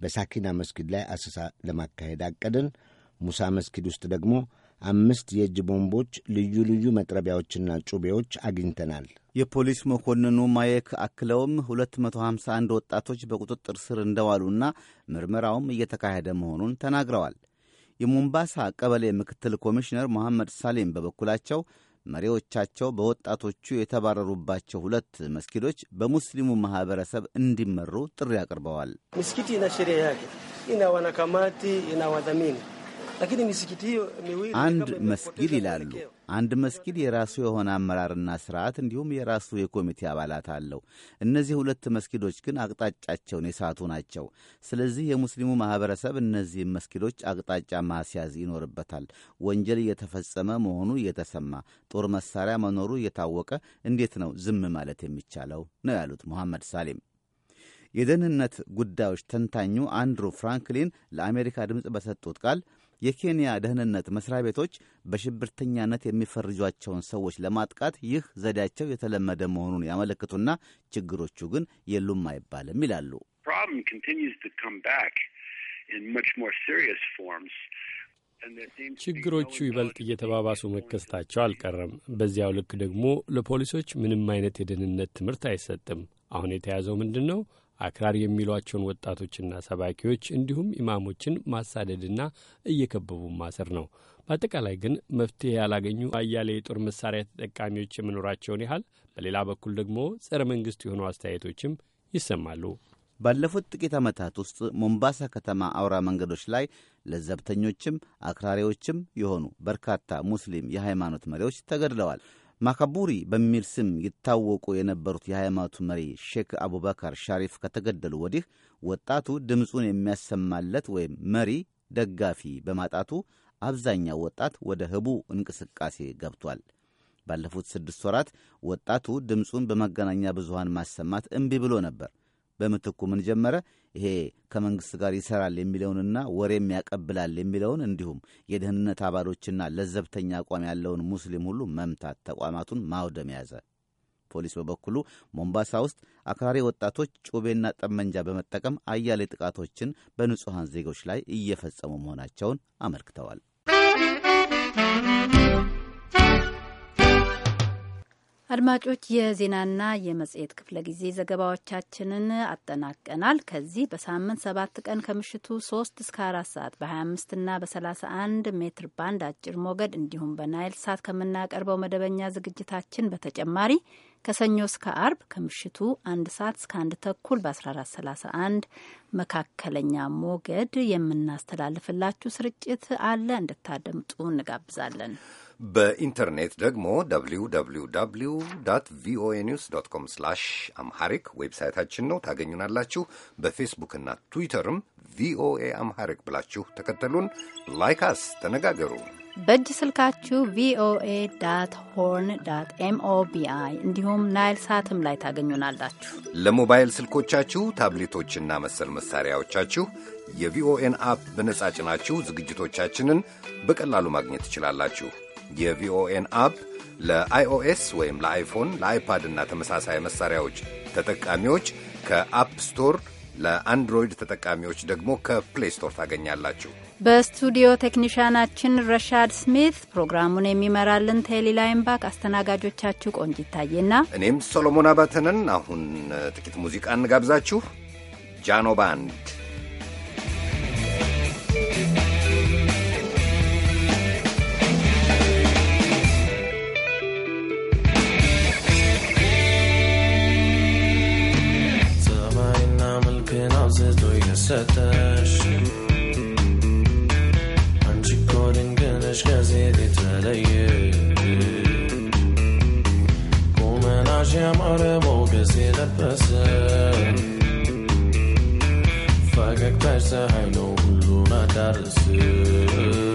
በሳኪና መስጊድ ላይ አሰሳ ለማካሄድ አቀድን። ሙሳ መስጊድ ውስጥ ደግሞ አምስት የእጅ ቦምቦች፣ ልዩ ልዩ መጥረቢያዎችና ጩቤዎች አግኝተናል። የፖሊስ መኮንኑ ማየክ አክለውም 251 ወጣቶች በቁጥጥር ስር እንደዋሉና ምርመራውም እየተካሄደ መሆኑን ተናግረዋል። የሞምባሳ ቀበሌ ምክትል ኮሚሽነር መሐመድ ሳሌም በበኩላቸው መሪዎቻቸው በወጣቶቹ የተባረሩባቸው ሁለት መስጊዶች በሙስሊሙ ማህበረሰብ እንዲመሩ ጥሪ አቅርበዋል። ምስኪቲ ነሽሪያ ያቄ ኢናዋናካማቲ አንድ መስጊድ ይላሉ። አንድ መስጊድ የራሱ የሆነ አመራርና ስርዓት እንዲሁም የራሱ የኮሚቴ አባላት አለው። እነዚህ ሁለት መስጊዶች ግን አቅጣጫቸውን የሳቱ ናቸው። ስለዚህ የሙስሊሙ ማህበረሰብ እነዚህም መስጊዶች አቅጣጫ ማስያዝ ይኖርበታል። ወንጀል እየተፈጸመ መሆኑ እየተሰማ፣ ጦር መሳሪያ መኖሩ እየታወቀ እንዴት ነው ዝም ማለት የሚቻለው? ነው ያሉት ሙሐመድ ሳሌም። የደህንነት ጉዳዮች ተንታኙ አንድሩ ፍራንክሊን ለአሜሪካ ድምፅ በሰጡት ቃል የኬንያ ደህንነት መስሪያ ቤቶች በሽብርተኛነት የሚፈርጇቸውን ሰዎች ለማጥቃት ይህ ዘዴያቸው የተለመደ መሆኑን ያመለክቱና ችግሮቹ ግን የሉም አይባልም ይላሉ። ችግሮቹ ይበልጥ እየተባባሱ መከሰታቸው አልቀረም። በዚያው ልክ ደግሞ ለፖሊሶች ምንም አይነት የደህንነት ትምህርት አይሰጥም። አሁን የተያዘው ምንድን ነው? አክራሪ የሚሏቸውን ወጣቶችና ሰባኪዎች እንዲሁም ኢማሞችን ማሳደድና እየከበቡ ማሰር ነው። በአጠቃላይ ግን መፍትሄ ያላገኙ አያሌ የጦር መሳሪያ ተጠቃሚዎች የመኖራቸውን ያህል በሌላ በኩል ደግሞ ጸረ መንግሥት የሆኑ አስተያየቶችም ይሰማሉ። ባለፉት ጥቂት ዓመታት ውስጥ ሞምባሳ ከተማ አውራ መንገዶች ላይ ለዘብተኞችም አክራሪዎችም የሆኑ በርካታ ሙስሊም የሃይማኖት መሪዎች ተገድለዋል። ማካቡሪ በሚል ስም ይታወቁ የነበሩት የሃይማኖቱ መሪ ሼክ አቡበከር ሻሪፍ ከተገደሉ ወዲህ ወጣቱ ድምፁን የሚያሰማለት ወይም መሪ ደጋፊ በማጣቱ አብዛኛው ወጣት ወደ ህቡ እንቅስቃሴ ገብቷል። ባለፉት ስድስት ወራት ወጣቱ ድምፁን በመገናኛ ብዙሃን ማሰማት እምቢ ብሎ ነበር። በምትኩ ምን ጀመረ? ይሄ ከመንግስት ጋር ይሰራል የሚለውንና ወሬም ያቀብላል የሚለውን እንዲሁም የደህንነት አባሎችና ለዘብተኛ አቋም ያለውን ሙስሊም ሁሉ መምታት፣ ተቋማቱን ማውደም ያዘ። ፖሊስ በበኩሉ ሞምባሳ ውስጥ አክራሪ ወጣቶች ጩቤና ጠመንጃ በመጠቀም አያሌ ጥቃቶችን በንጹሐን ዜጎች ላይ እየፈጸሙ መሆናቸውን አመልክተዋል። አድማጮች የዜናና የመጽሔት ክፍለ ጊዜ ዘገባዎቻችንን አጠናቀናል። ከዚህ በሳምንት ሰባት ቀን ከምሽቱ ሶስት እስከ አራት ሰዓት በ25 ና በ31 ሜትር ባንድ አጭር ሞገድ እንዲሁም በናይል ሳት ከምናቀርበው መደበኛ ዝግጅታችን በተጨማሪ ከሰኞ እስከ አርብ ከምሽቱ አንድ ሰዓት እስከ አንድ ተኩል በ1431 መካከለኛ ሞገድ የምናስተላልፍላችሁ ስርጭት አለ። እንድታደምጡ እንጋብዛለን። በኢንተርኔት ደግሞ www ቪኦኤ ኒውስ ዶት ኮም ስላሽ አምሃሪክ ዌብሳይታችን ነው፣ ታገኙናላችሁ። በፌስቡክና ትዊተርም ቪኦኤ አምሐሪክ ብላችሁ ተከተሉን፣ ላይክ አስ፣ ተነጋገሩ። በእጅ ስልካችሁ ቪኦኤ ዳት ሆርን ዳት ኤምኦቢአይ እንዲሁም ናይል ሳትም ላይ ታገኙናላችሁ። ለሞባይል ስልኮቻችሁ ታብሌቶችና መሰል መሳሪያዎቻችሁ የቪኦኤን አፕ በነጻ ጭናችሁ ዝግጅቶቻችንን በቀላሉ ማግኘት ትችላላችሁ። የቪኦኤን አፕ ለአይኦኤስ ወይም ለአይፎን፣ ለአይፓድ እና ተመሳሳይ መሳሪያዎች ተጠቃሚዎች ከአፕ ስቶር ለአንድሮይድ ተጠቃሚዎች ደግሞ ከፕሌይ ስቶር ታገኛላችሁ። በስቱዲዮ ቴክኒሽያናችን ረሻድ ስሚት፣ ፕሮግራሙን የሚመራልን ቴሊ አስተናጋጆቻችሁ ቆንጅ ይታየና እኔም ሶሎሞን አባተንን። አሁን uh, ጥቂት ሙዚቃ እንጋብዛችሁ። ጃኖ ባንድ dojnë së tash Anë që kodin kënë është gazidit të leje Kume në që jam ore bo gazile pëse Fagak përse hajno hullu në darësë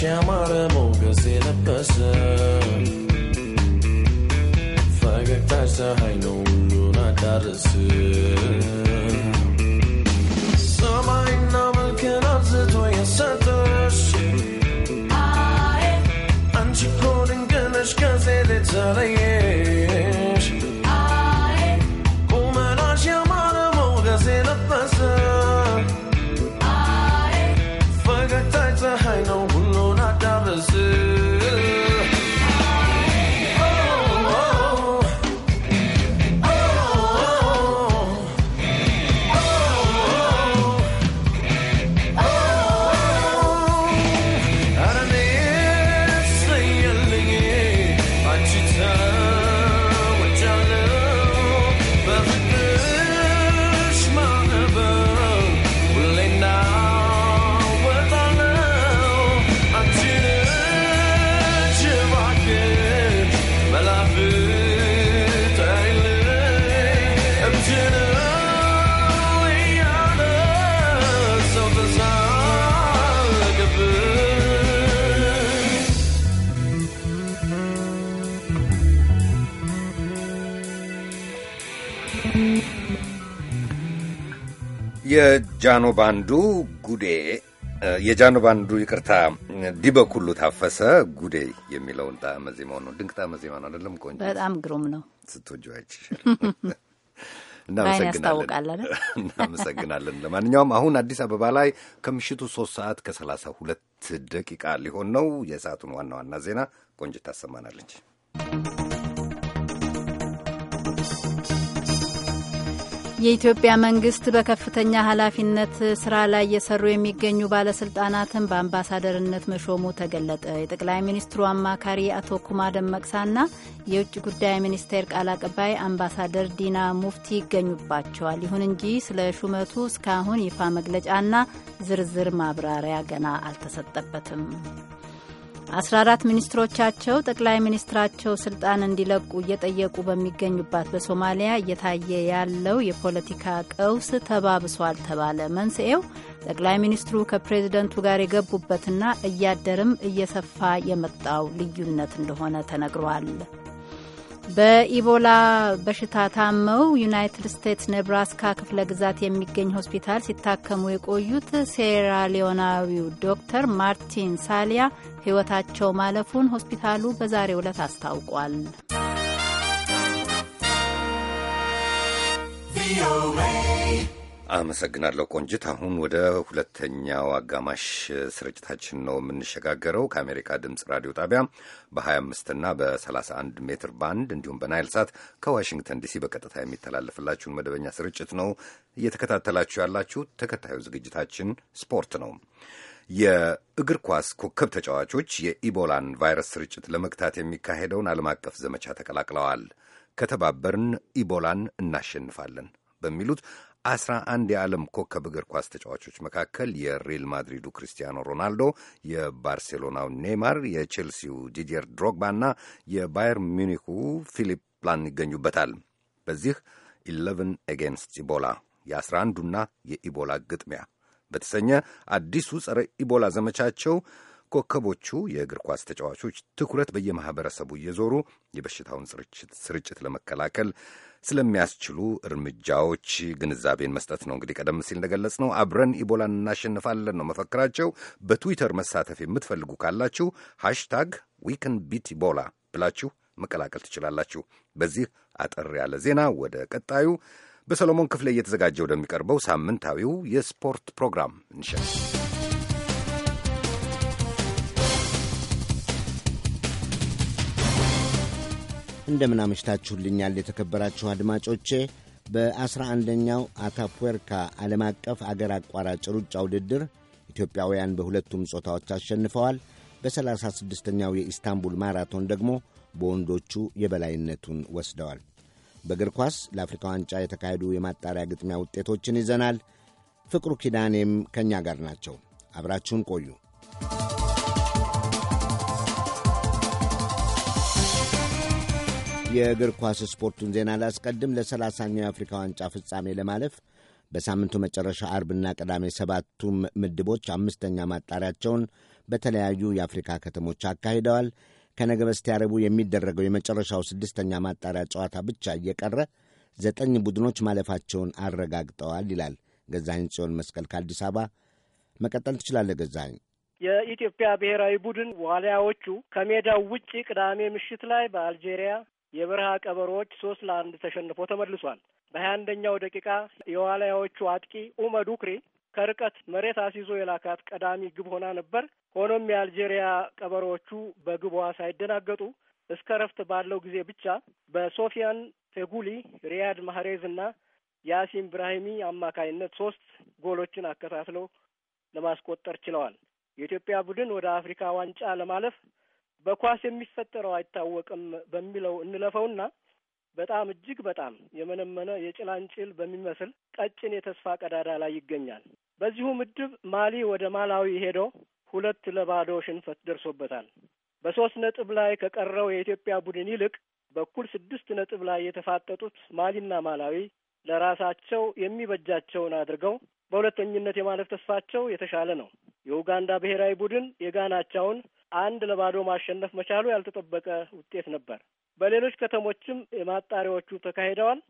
Nyámaramu közélebközö Felgektása hajnullunak árző Szabálynál kell az a tvoje szentőség Ancsikorin gönös közélet elején ጃኖ ባንዱ ጉዴ የጃኖ ባንዱ ይቅርታ፣ ዲበኩሉ ታፈሰ ጉዴ የሚለውን ጣዕመ ዜማው ነው። ድንቅ ጣዕመ ዜማ ነው አይደለም? ቆንጆ፣ በጣም ግሩም ነው። ስትወጂው አይችሻል። እናመሰግናለን፣ ለማንኛውም አሁን አዲስ አበባ ላይ ከምሽቱ ሶስት ሰዓት ከሰላሳ ሁለት ደቂቃ ሊሆን ነው። የሰዓቱን ዋና ዋና ዜና ቆንጅት ታሰማናለች። Thank you. የኢትዮጵያ መንግስት በከፍተኛ ኃላፊነት ስራ ላይ እየሰሩ የሚገኙ ባለስልጣናትን በአምባሳደርነት መሾሙ ተገለጠ። የጠቅላይ ሚኒስትሩ አማካሪ አቶ ኩማ ደመቅሳና የውጭ ጉዳይ ሚኒስቴር ቃል አቀባይ አምባሳደር ዲና ሙፍቲ ይገኙባቸዋል። ይሁን እንጂ ስለ ሹመቱ እስካሁን ይፋ መግለጫና ዝርዝር ማብራሪያ ገና አልተሰጠበትም። 14 ሚኒስትሮቻቸው ጠቅላይ ሚኒስትራቸው ስልጣን እንዲለቁ እየጠየቁ በሚገኙባት በሶማሊያ እየታየ ያለው የፖለቲካ ቀውስ ተባብሷል ተባለ። መንስኤው ጠቅላይ ሚኒስትሩ ከፕሬዝደንቱ ጋር የገቡበትና እያደርም እየሰፋ የመጣው ልዩነት እንደሆነ ተነግሯል። በኢቦላ በሽታ ታመው ዩናይትድ ስቴትስ ኔብራስካ ክፍለ ግዛት የሚገኝ ሆስፒታል ሲታከሙ የቆዩት ሴራሊዮናዊው ዶክተር ማርቲን ሳሊያ ሕይወታቸው ማለፉን ሆስፒታሉ በዛሬው ዕለት አስታውቋል። አመሰግናለሁ ቆንጅት። አሁን ወደ ሁለተኛው አጋማሽ ስርጭታችን ነው የምንሸጋገረው። ከአሜሪካ ድምፅ ራዲዮ ጣቢያ በ25 እና በ31 ሜትር ባንድ እንዲሁም በናይል ሳት ከዋሽንግተን ዲሲ በቀጥታ የሚተላለፍላችሁን መደበኛ ስርጭት ነው እየተከታተላችሁ ያላችሁ። ተከታዩ ዝግጅታችን ስፖርት ነው። የእግር ኳስ ኮከብ ተጫዋቾች የኢቦላን ቫይረስ ስርጭት ለመግታት የሚካሄደውን ዓለም አቀፍ ዘመቻ ተቀላቅለዋል። ከተባበርን ኢቦላን እናሸንፋለን በሚሉት አስራ አንድ የዓለም ኮከብ እግር ኳስ ተጫዋቾች መካከል የሪል ማድሪዱ ክርስቲያኖ ሮናልዶ፣ የባርሴሎናው ኔይማር፣ የቼልሲው ዲዲየር ድሮግባና የባየር ሚኒኩ ፊሊፕ ላን ይገኙበታል። በዚህ ኢለቨን ኤጌንስት ኢቦላ የአስራ አንዱና የኢቦላ ግጥሚያ በተሰኘ አዲሱ ጸረ ኢቦላ ዘመቻቸው ኮከቦቹ የእግር ኳስ ተጫዋቾች ትኩረት በየማኅበረሰቡ እየዞሩ የበሽታውን ስርጭት ለመከላከል ስለሚያስችሉ እርምጃዎች ግንዛቤን መስጠት ነው። እንግዲህ ቀደም ሲል እንደገለጽ ነው አብረን ኢቦላን እናሸንፋለን ነው መፈክራቸው። በትዊተር መሳተፍ የምትፈልጉ ካላችሁ ሃሽታግ ዊክን ቢት ኢቦላ ብላችሁ መቀላቀል ትችላላችሁ። በዚህ አጠር ያለ ዜና ወደ ቀጣዩ በሰሎሞን ክፍለ እየተዘጋጀ ወደሚቀርበው ሳምንታዊው የስፖርት ፕሮግራም እንሸል እንደምናመሽታችሁልኛል የተከበራችሁ አድማጮቼ። በ11ኛው አታፑዌርካ ዓለም አቀፍ አገር አቋራጭ ሩጫ ውድድር ኢትዮጵያውያን በሁለቱም ጾታዎች አሸንፈዋል። 36 የኢስታንቡል ማራቶን ደግሞ በወንዶቹ የበላይነቱን ወስደዋል። በእግር ኳስ ለአፍሪካ ዋንጫ የተካሄዱ የማጣሪያ ግጥሚያ ውጤቶችን ይዘናል። ፍቅሩ ኪዳኔም ከእኛ ጋር ናቸው። አብራችሁን ቆዩ። የእግር ኳስ ስፖርቱን ዜና ላስቀድም። ለሰላሳኛው የአፍሪካ ዋንጫ ፍጻሜ ለማለፍ በሳምንቱ መጨረሻ አርብና ቅዳሜ ሰባቱም ምድቦች አምስተኛ ማጣሪያቸውን በተለያዩ የአፍሪካ ከተሞች አካሂደዋል። ከነገ በስቲያ ረቡዕ የሚደረገው የመጨረሻው ስድስተኛ ማጣሪያ ጨዋታ ብቻ እየቀረ ዘጠኝ ቡድኖች ማለፋቸውን አረጋግጠዋል ይላል ገዛኝ ጽዮን መስቀል ከአዲስ አበባ። መቀጠል ትችላለህ ገዛኝ። የኢትዮጵያ ብሔራዊ ቡድን ዋሊያዎቹ ከሜዳው ውጪ ቅዳሜ ምሽት ላይ በአልጄሪያ የበረሃ ቀበሮዎች ሶስት ለአንድ ተሸንፎ ተመልሷል። በሀያ አንደኛው ደቂቃ የዋልያዎቹ አጥቂ ኡመ ዱክሪ ከርቀት መሬት አስይዞ የላካት ቀዳሚ ግብ ሆና ነበር። ሆኖም የአልጄሪያ ቀበሮዎቹ በግቧ ሳይደናገጡ እስከ ረፍት ባለው ጊዜ ብቻ በሶፊያን ቴጉሊ፣ ሪያድ ማህሬዝ እና ያሲን ብራሂሚ አማካይነት ሶስት ጎሎችን አከታትለው ለማስቆጠር ችለዋል። የኢትዮጵያ ቡድን ወደ አፍሪካ ዋንጫ ለማለፍ በኳስ የሚፈጠረው አይታወቅም በሚለው እንለፈውና በጣም እጅግ በጣም የመነመነ የጭላንጭል በሚመስል ቀጭን የተስፋ ቀዳዳ ላይ ይገኛል። በዚሁ ምድብ ማሊ ወደ ማላዊ ሄዶ ሁለት ለባዶ ሽንፈት ደርሶበታል። በሶስት ነጥብ ላይ ከቀረው የኢትዮጵያ ቡድን ይልቅ በኩል ስድስት ነጥብ ላይ የተፋጠጡት ማሊና ማላዊ ለራሳቸው የሚበጃቸውን አድርገው በሁለተኝነት የማለፍ ተስፋቸው የተሻለ ነው። የኡጋንዳ ብሔራዊ ቡድን የጋናቻውን አንድ ለባዶ ማሸነፍ መቻሉ ያልተጠበቀ ውጤት ነበር። በሌሎች ከተሞችም የማጣሪያዎቹ ተካሂደዋል።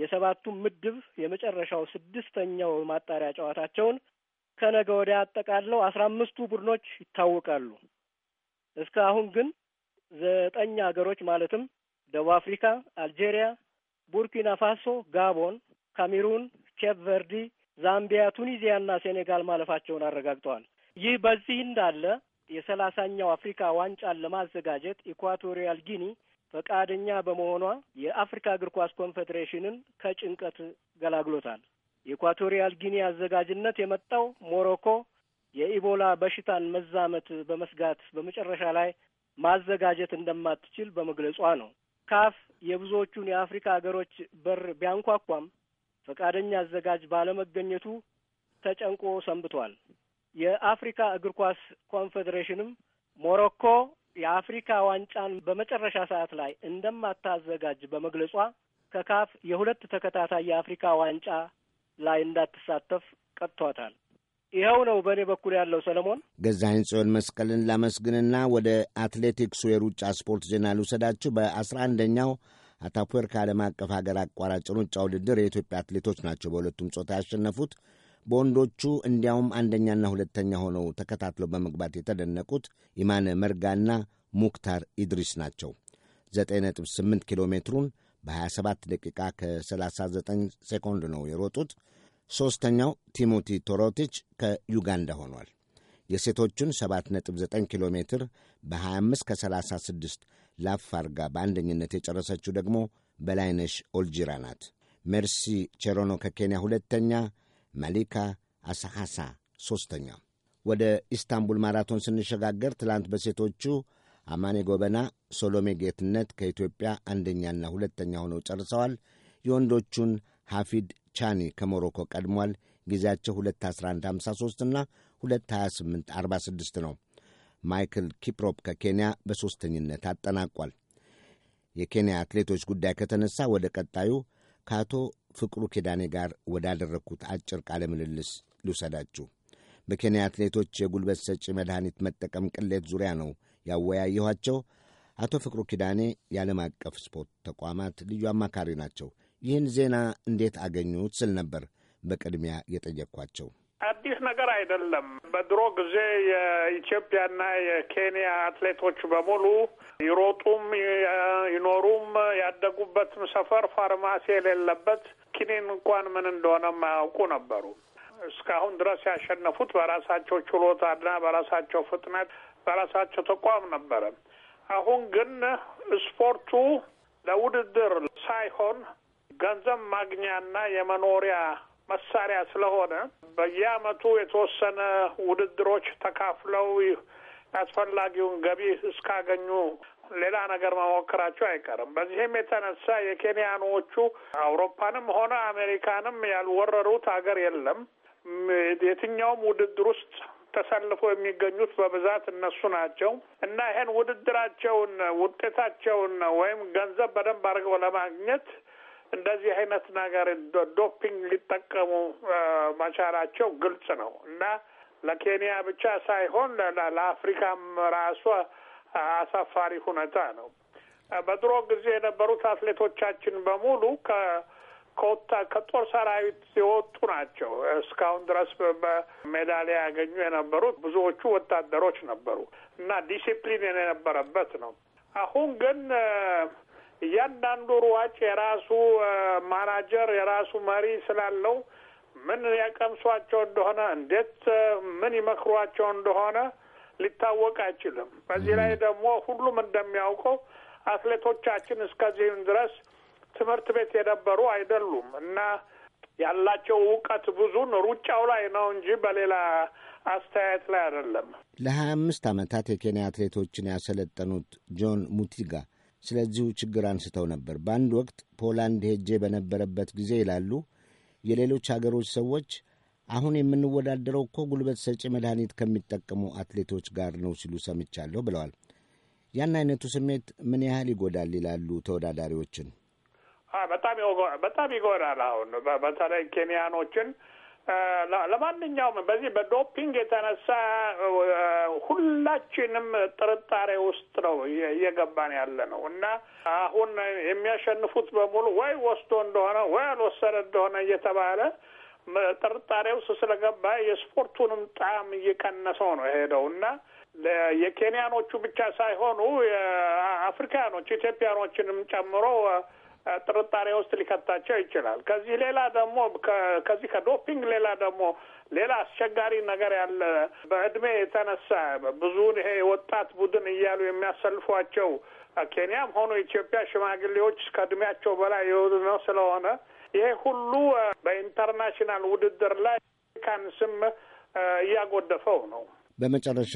የሰባቱም ምድብ የመጨረሻው ስድስተኛው ማጣሪያ ጨዋታቸውን ከነገ ወዲያ አጠቃለው አስራ አምስቱ ቡድኖች ይታወቃሉ። እስከ አሁን ግን ዘጠኝ ሀገሮች ማለትም ደቡብ አፍሪካ፣ አልጄሪያ፣ ቡርኪና ፋሶ፣ ጋቦን፣ ካሜሩን፣ ኬፕ ቨርዲ፣ ዛምቢያ፣ ቱኒዚያ እና ሴኔጋል ማለፋቸውን አረጋግጠዋል። ይህ በዚህ እንዳለ የሰላሳኛው አፍሪካ ዋንጫን ለማዘጋጀት ኢኳቶሪያል ጊኒ ፈቃደኛ በመሆኗ የአፍሪካ እግር ኳስ ኮንፌዴሬሽንን ከጭንቀት ገላግሎታል። የኢኳቶሪያል ጊኒ አዘጋጅነት የመጣው ሞሮኮ የኢቦላ በሽታን መዛመት በመስጋት በመጨረሻ ላይ ማዘጋጀት እንደማትችል በመግለጿ ነው። ካፍ የብዙዎቹን የአፍሪካ ሀገሮች በር ቢያንኳኳም ፈቃደኛ አዘጋጅ ባለመገኘቱ ተጨንቆ ሰንብቷል። የአፍሪካ እግር ኳስ ኮንፌዴሬሽንም ሞሮኮ የአፍሪካ ዋንጫን በመጨረሻ ሰዓት ላይ እንደማታዘጋጅ በመግለጿ ከካፍ የሁለት ተከታታይ የአፍሪካ ዋንጫ ላይ እንዳትሳተፍ ቀጥቷታል። ይኸው ነው በእኔ በኩል ያለው። ሰለሞን ገዛኸኝ ጽዮን መስቀልን ላመስግንና ወደ አትሌቲክሱ የሩጫ ስፖርት ዜና ልውሰዳችሁ። በአስራ አንደኛው አታፖርክ ዓለም አቀፍ ሀገር አቋራጭ ሩጫ ውድድር የኢትዮጵያ አትሌቶች ናቸው በሁለቱም ጾታ ያሸነፉት። በወንዶቹ እንዲያውም አንደኛና ሁለተኛ ሆነው ተከታትለው በመግባት የተደነቁት ኢማነ መርጋና ሙክታር ኢድሪስ ናቸው። 9.8 ኪሎ ሜትሩን በ27 ደቂቃ ከ39 ሴኮንድ ነው የሮጡት። ሦስተኛው ቲሞቲ ቶሮቲች ከዩጋንዳ ሆኗል። የሴቶቹን 7.9 ኪሎ ሜትር በ25 ከ36 ላፋርጋ በአንደኝነት የጨረሰችው ደግሞ በላይነሽ ኦልጂራ ናት። ሜርሲ ቼሮኖ ከኬንያ ሁለተኛ፣ ማሊካ አሳሐሳ ሦስተኛ። ወደ ኢስታንቡል ማራቶን ስንሸጋገር ትላንት በሴቶቹ አማኔ ጎበና፣ ሶሎሜ ጌትነት ከኢትዮጵያ አንደኛና ሁለተኛ ሆነው ጨርሰዋል። የወንዶቹን ሐፊድ ቻኒ ከሞሮኮ ቀድሟል። ጊዜያቸው 21153 እና 22846 ነው። ማይክል ኪፕሮፕ ከኬንያ በሦስተኝነት አጠናቋል። የኬንያ አትሌቶች ጉዳይ ከተነሳ ወደ ቀጣዩ ከአቶ ፍቅሩ ኪዳኔ ጋር ወዳደረግኩት አጭር ቃለ ምልልስ ልውሰዳችሁ። በኬንያ አትሌቶች የጉልበት ሰጪ መድኃኒት መጠቀም ቅሌት ዙሪያ ነው ያወያየኋቸው። አቶ ፍቅሩ ኪዳኔ የዓለም አቀፍ ስፖርት ተቋማት ልዩ አማካሪ ናቸው። ይህን ዜና እንዴት አገኙት ስል ነበር በቅድሚያ የጠየቅኳቸው። አዲስ ነገር አይደለም። በድሮ ጊዜ የኢትዮጵያና የኬንያ አትሌቶች በሙሉ ይሮጡም ይኖሩም ያደጉበትም ሰፈር ፋርማሲ የሌለበት ኪኒን እንኳን ምን እንደሆነ የማያውቁ ነበሩ። እስካሁን ድረስ ያሸነፉት በራሳቸው ችሎታና በራሳቸው ፍጥነት በራሳቸው ተቋም ነበረ። አሁን ግን ስፖርቱ ለውድድር ሳይሆን ገንዘብ ማግኛና የመኖሪያ መሳሪያ ስለሆነ በየአመቱ የተወሰነ ውድድሮች ተካፍለው አስፈላጊውን ገቢ እስካገኙ ሌላ ነገር መሞከራቸው አይቀርም። በዚህም የተነሳ የኬንያኖቹ አውሮፓንም ሆነ አሜሪካንም ያልወረሩት ሀገር የለም። የትኛውም ውድድር ውስጥ ተሰልፎ የሚገኙት በብዛት እነሱ ናቸው እና ይሄን ውድድራቸውን ውጤታቸውን ወይም ገንዘብ በደንብ አድርገው ለማግኘት እንደዚህ አይነት ነገር ዶፒንግ ሊጠቀሙ መቻላቸው ግልጽ ነው እና ለኬንያ ብቻ ሳይሆን ለአፍሪካም ራሱ አሳፋሪ ሁኔታ ነው። በድሮ ጊዜ የነበሩት አትሌቶቻችን በሙሉ ከወታ ከጦር ሰራዊት የወጡ ናቸው። እስካሁን ድረስ በሜዳሊያ ያገኙ የነበሩት ብዙዎቹ ወታደሮች ነበሩ እና ዲሲፕሊን የነበረበት ነው። አሁን ግን እያንዳንዱ ሯጭ የራሱ ማናጀር የራሱ መሪ ስላለው ምን ያቀምሷቸው እንደሆነ እንዴት ምን ይመክሯቸው እንደሆነ ሊታወቅ አይችልም። በዚህ ላይ ደግሞ ሁሉም እንደሚያውቀው አትሌቶቻችን እስከዚህም ድረስ ትምህርት ቤት የነበሩ አይደሉም እና ያላቸው እውቀት ብዙን ሩጫው ላይ ነው እንጂ በሌላ አስተያየት ላይ አይደለም። ለሀያ አምስት ዓመታት የኬንያ አትሌቶችን ያሰለጠኑት ጆን ሙቲጋ ስለዚሁ ችግር አንስተው ነበር። በአንድ ወቅት ፖላንድ ሄጄ በነበረበት ጊዜ ይላሉ የሌሎች አገሮች ሰዎች አሁን የምንወዳደረው እኮ ጉልበት ሰጪ መድኃኒት ከሚጠቀሙ አትሌቶች ጋር ነው ሲሉ ሰምቻለሁ ብለዋል። ያን አይነቱ ስሜት ምን ያህል ይጎዳል ይላሉ ተወዳዳሪዎችን? በጣም ይጎዳል። አሁን በተለይ ኬንያኖችን ለማንኛውም በዚህ በዶፒንግ የተነሳ ሁላችንም ጥርጣሬ ውስጥ ነው እየገባን ያለ ነው እና አሁን የሚያሸንፉት በሙሉ ወይ ወስዶ እንደሆነ ወይ አልወሰደ እንደሆነ እየተባለ ጥርጣሬ ውስጥ ስለገባ የስፖርቱንም ጣዕም እየቀነሰው ነው የሄደው እና የኬንያኖቹ ብቻ ሳይሆኑ የአፍሪካኖች ኢትዮጵያኖችንም ጨምሮ ጥርጣሬ ውስጥ ሊከታቸው ይችላል። ከዚህ ሌላ ደግሞ ከዚህ ከዶፒንግ ሌላ ደግሞ ሌላ አስቸጋሪ ነገር ያለ በእድሜ የተነሳ ብዙውን ይሄ ወጣት ቡድን እያሉ የሚያሰልፏቸው ኬንያም ሆኖ ኢትዮጵያ ሽማግሌዎች ከእድሜያቸው በላይ የሆኑ ነው ስለሆነ ይሄ ሁሉ በኢንተርናሽናል ውድድር ላይ ካን ስም እያጎደፈው ነው። በመጨረሻ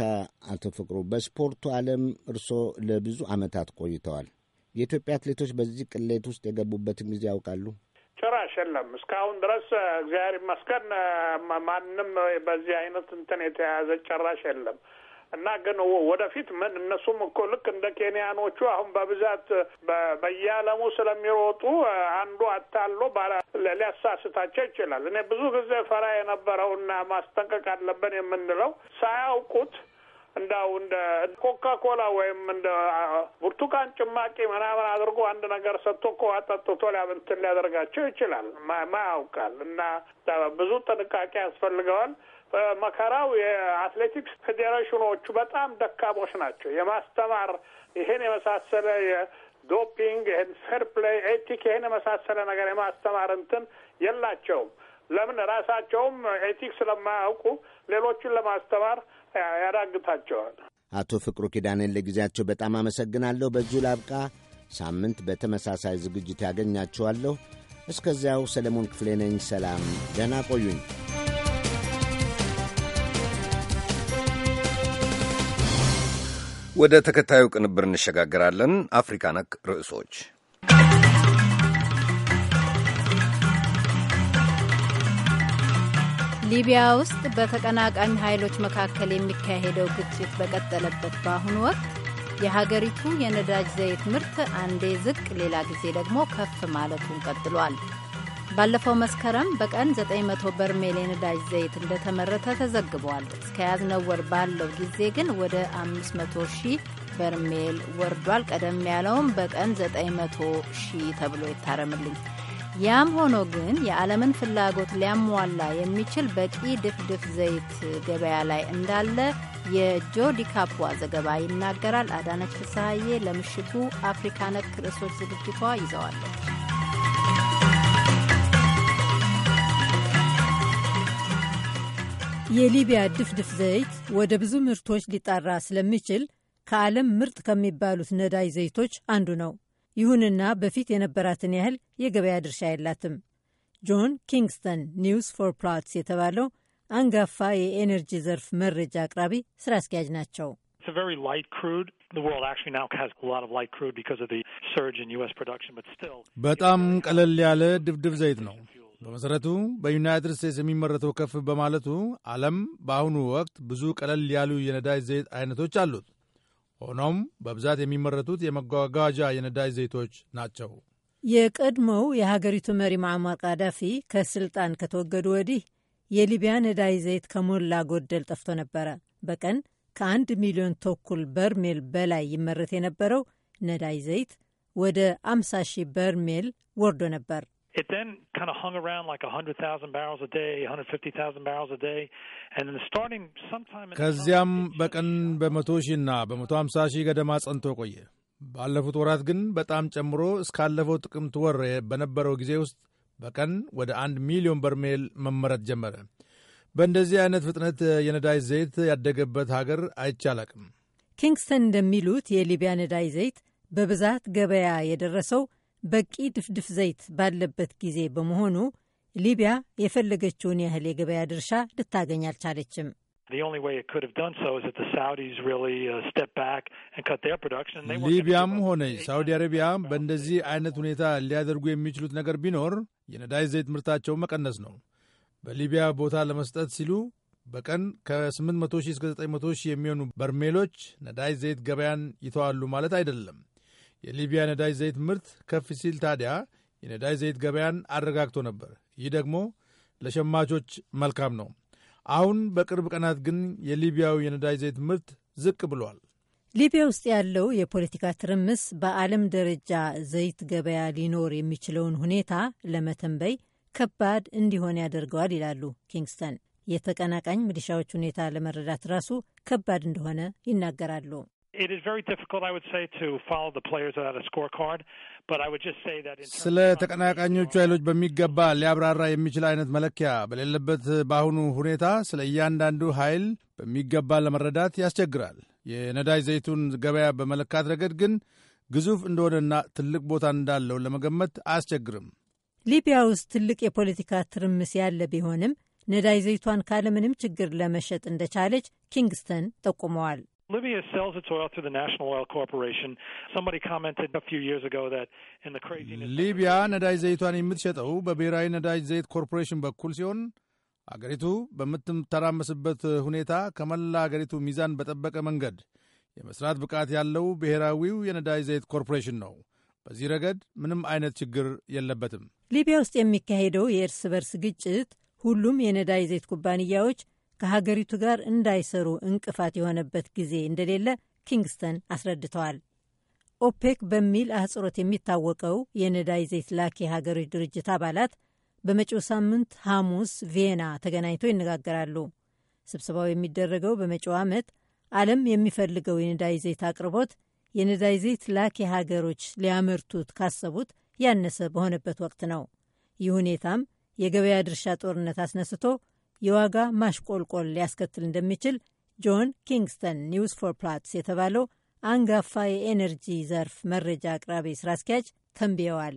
አቶ ፍቅሩ በስፖርቱ ዓለም እርስዎ ለብዙ ዓመታት ቆይተዋል። የኢትዮጵያ አትሌቶች በዚህ ቅሌት ውስጥ የገቡበትን ጊዜ ያውቃሉ? ጭራሽ የለም። እስካሁን ድረስ እግዚአብሔር ይመስገን ማንም በዚህ አይነት እንትን የተያያዘ ጭራሽ የለም። እና ግን ወደፊት ምን እነሱም እኮ ልክ እንደ ኬንያኖቹ አሁን በብዛት በየዓለሙ ስለሚሮጡ አንዱ አታሎ ሊያሳስታቸው ይችላል። እኔ ብዙ ጊዜ ፈራ የነበረውና ማስጠንቀቅ አለብን የምንለው ሳያውቁት እንዳው እንደ ኮካ ኮላ ወይም እንደ ብርቱካን ጭማቂ ምናምን አድርጎ አንድ ነገር ሰጥቶ እኮ አጠጥቶ እንትን ሊያደርጋቸው ይችላል። ማያውቃል እና ብዙ ጥንቃቄ ያስፈልገዋል። መከራው የአትሌቲክስ ፌዴሬሽኖቹ በጣም ደካሞች ናቸው። የማስተማር ይህን የመሳሰለ የዶፒንግ ይህን ፌር ፕሌይ ኤቲክ ይህን የመሳሰለ ነገር የማስተማር እንትን የላቸውም። ለምን ራሳቸውም ኤቲክስ ስለማያውቁ ሌሎችን ለማስተማር ያዳግታቸዋል። አቶ ፍቅሩ ኪዳኔን ለጊዜያቸው በጣም አመሰግናለሁ። በዚሁ ላብቃ። ሳምንት በተመሳሳይ ዝግጅት ያገኛችኋለሁ። እስከዚያው ሰለሞን ክፍሌ ነኝ። ሰላም፣ ደህና ቆዩኝ። ወደ ተከታዩ ቅንብር እንሸጋግራለን። አፍሪካ ነክ ርዕሶች ሊቢያ ውስጥ በተቀናቃኝ ኃይሎች መካከል የሚካሄደው ግጭት በቀጠለበት በአሁኑ ወቅት የሀገሪቱ የነዳጅ ዘይት ምርት አንዴ ዝቅ፣ ሌላ ጊዜ ደግሞ ከፍ ማለቱን ቀጥሏል። ባለፈው መስከረም በቀን 900 በርሜል የነዳጅ ዘይት እንደተመረተ ተዘግቧል። እስከ ያዝነው ወር ባለው ጊዜ ግን ወደ 500 ሺህ በርሜል ወርዷል። ቀደም ያለውም በቀን 900 ሺህ ተብሎ ይታረምልኝ ያም ሆኖ ግን የዓለምን ፍላጎት ሊያሟላ የሚችል በቂ ድፍድፍ ዘይት ገበያ ላይ እንዳለ የጆ ዲካፖዋ ዘገባ ይናገራል። አዳነች ፍስሐዬ ለምሽቱ አፍሪካ ነክ ርዕሶች ዝግጅቷ ይዘዋለች። የሊቢያ ድፍድፍ ዘይት ወደ ብዙ ምርቶች ሊጣራ ስለሚችል ከዓለም ምርጥ ከሚባሉት ነዳጅ ዘይቶች አንዱ ነው። ይሁንና በፊት የነበራትን ያህል የገበያ ድርሻ የላትም። ጆን ኪንግስተን ኒውስ ፎር ፕላትስ የተባለው አንጋፋ የኤነርጂ ዘርፍ መረጃ አቅራቢ ስራ አስኪያጅ ናቸው። በጣም ቀለል ያለ ድፍድፍ ዘይት ነው። በመሠረቱ በዩናይትድ ስቴትስ የሚመረተው ከፍ በማለቱ ዓለም በአሁኑ ወቅት ብዙ ቀለል ያሉ የነዳጅ ዘይት አይነቶች አሉት። ሆኖም በብዛት የሚመረቱት የመጓጓዣ የነዳጅ ዘይቶች ናቸው። የቀድሞው የሀገሪቱ መሪ ማዕማር ቃዳፊ ከስልጣን ከተወገዱ ወዲህ የሊቢያ ነዳጅ ዘይት ከሞላ ጎደል ጠፍቶ ነበረ። በቀን ከአንድ ሚሊዮን ተኩል በርሜል በላይ ይመረት የነበረው ነዳጅ ዘይት ወደ 50 ሺህ በርሜል ወርዶ ነበር። It then kind of hung around like 100,000 barrels a day, 150,000 barrels a day, and then starting sometime ከዚያም በቀን በመቶ ሺህና በመቶ ሀምሳ ሺህ ገደማ ጸንቶ ቆየ። ባለፉት ወራት ግን በጣም ጨምሮ እስካለፈው ጥቅምት ወር በነበረው ጊዜ ውስጥ በቀን ወደ አንድ ሚሊዮን በርሜል መመረት ጀመረ። በእንደዚህ አይነት ፍጥነት የነዳጅ ዘይት ያደገበት ሀገር አይቼ ኪንግስተን እንደሚሉት የሊቢያ ነዳጅ ዘይት በብዛት ገበያ የደረሰው በቂ ድፍድፍ ዘይት ባለበት ጊዜ በመሆኑ ሊቢያ የፈለገችውን ያህል የገበያ ድርሻ ልታገኝ አልቻለችም። uh, ሊቢያም ሆነ ሳውዲ አረቢያ በእንደዚህ አይነት ሁኔታ ሊያደርጉ የሚችሉት ነገር ቢኖር የነዳጅ ዘይት ምርታቸውን መቀነስ ነው። በሊቢያ ቦታ ለመስጠት ሲሉ በቀን ከ800 እስከ 900 የሚሆኑ በርሜሎች ነዳጅ ዘይት ገበያን ይተዋሉ ማለት አይደለም። የሊቢያ ነዳጅ ዘይት ምርት ከፍ ሲል ታዲያ የነዳጅ ዘይት ገበያን አረጋግቶ ነበር። ይህ ደግሞ ለሸማቾች መልካም ነው። አሁን በቅርብ ቀናት ግን የሊቢያው የነዳጅ ዘይት ምርት ዝቅ ብሏል። ሊቢያ ውስጥ ያለው የፖለቲካ ትርምስ በዓለም ደረጃ ዘይት ገበያ ሊኖር የሚችለውን ሁኔታ ለመተንበይ ከባድ እንዲሆን ያደርገዋል ይላሉ ኪንግስተን። የተቀናቃኝ ሚሊሻዎች ሁኔታ ለመረዳት ራሱ ከባድ እንደሆነ ይናገራሉ። It is very difficult, I would say, to follow the players without a scorecard, but I would just say that ስለ ተቀናቃኞቹ ኃይሎች በሚገባ ሊያብራራ የሚችል አይነት መለኪያ በሌለበት በአሁኑ ሁኔታ ስለ እያንዳንዱ ኃይል በሚገባ ለመረዳት ያስቸግራል። የነዳጅ ዘይቱን ገበያ በመለካት ረገድ ግን ግዙፍ እንደሆነና ትልቅ ቦታ እንዳለው ለመገመት አያስቸግርም። ሊቢያ ውስጥ ትልቅ የፖለቲካ ትርምስ ያለ ቢሆንም ነዳጅ ዘይቷን ካለምንም ችግር ለመሸጥ እንደቻለች ኪንግስተን ጠቁመዋል። Libya sells its oil to the National Oil Corporation. Somebody commented a few years ago that in the craziness ሊቢያ ነዳጅ ዘይቷን የምትሸጠው በብሔራዊ ነዳጅ ዘይት ኮርፖሬሽን በኩል ሲሆን አገሪቱ በምትተራመስበት ሁኔታ ከመላ አገሪቱ ሚዛን በጠበቀ መንገድ የመስራት ብቃት ያለው ብሔራዊው የነዳጅ ዘይት ኮርፖሬሽን ነው። በዚህ ረገድ ምንም አይነት ችግር የለበትም። ሊቢያ ውስጥ የሚካሄደው የእርስ በርስ ግጭት ሁሉም የነዳጅ ዘይት ኩባንያዎች ከሀገሪቱ ጋር እንዳይሰሩ እንቅፋት የሆነበት ጊዜ እንደሌለ ኪንግስተን አስረድተዋል። ኦፔክ በሚል አህጽሮት የሚታወቀው የነዳይ ዘይት ላኪ ሀገሮች ድርጅት አባላት በመጪው ሳምንት ሐሙስ ቪየና ተገናኝተው ይነጋገራሉ። ስብሰባው የሚደረገው በመጪው ዓመት ዓለም የሚፈልገው የነዳይ ዘይት አቅርቦት የነዳይ ዘይት ላኪ ሀገሮች ሊያመርቱት ካሰቡት ያነሰ በሆነበት ወቅት ነው። ይህ ሁኔታም የገበያ ድርሻ ጦርነት አስነስቶ የዋጋ ማሽቆልቆል ሊያስከትል እንደሚችል ጆን ኪንግስተን ኒውስ ፎር ፕላትስ የተባለው አንጋፋ የኤነርጂ ዘርፍ መረጃ አቅራቢ ስራ አስኪያጅ ተንብየዋል።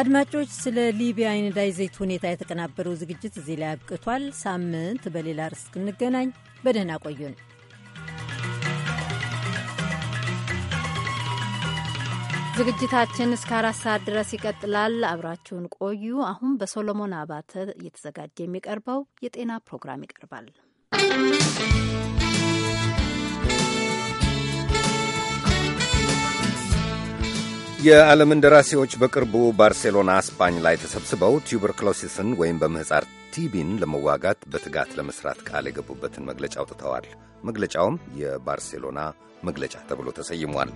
አድማጮች፣ ስለ ሊቢያ የነዳጅ ዘይት ሁኔታ የተቀናበረው ዝግጅት እዚህ ላይ አብቅቷል። ሳምንት በሌላ ርዕስ እስክንገናኝ በደህና ቆዩን። ዝግጅታችን እስከ አራት ሰዓት ድረስ ይቀጥላል። አብራችሁን ቆዩ። አሁን በሶሎሞን አባተ እየተዘጋጀ የሚቀርበው የጤና ፕሮግራም ይቀርባል። የዓለምን ደራሲዎች በቅርቡ ባርሴሎና ስፓኝ ላይ ተሰብስበው ቱበርክሎሲስን ወይም በምሕፃር ቲቢን ለመዋጋት በትጋት ለመስራት ቃል የገቡበትን መግለጫ አውጥተዋል። መግለጫውም የባርሴሎና መግለጫ ተብሎ ተሰይሟል።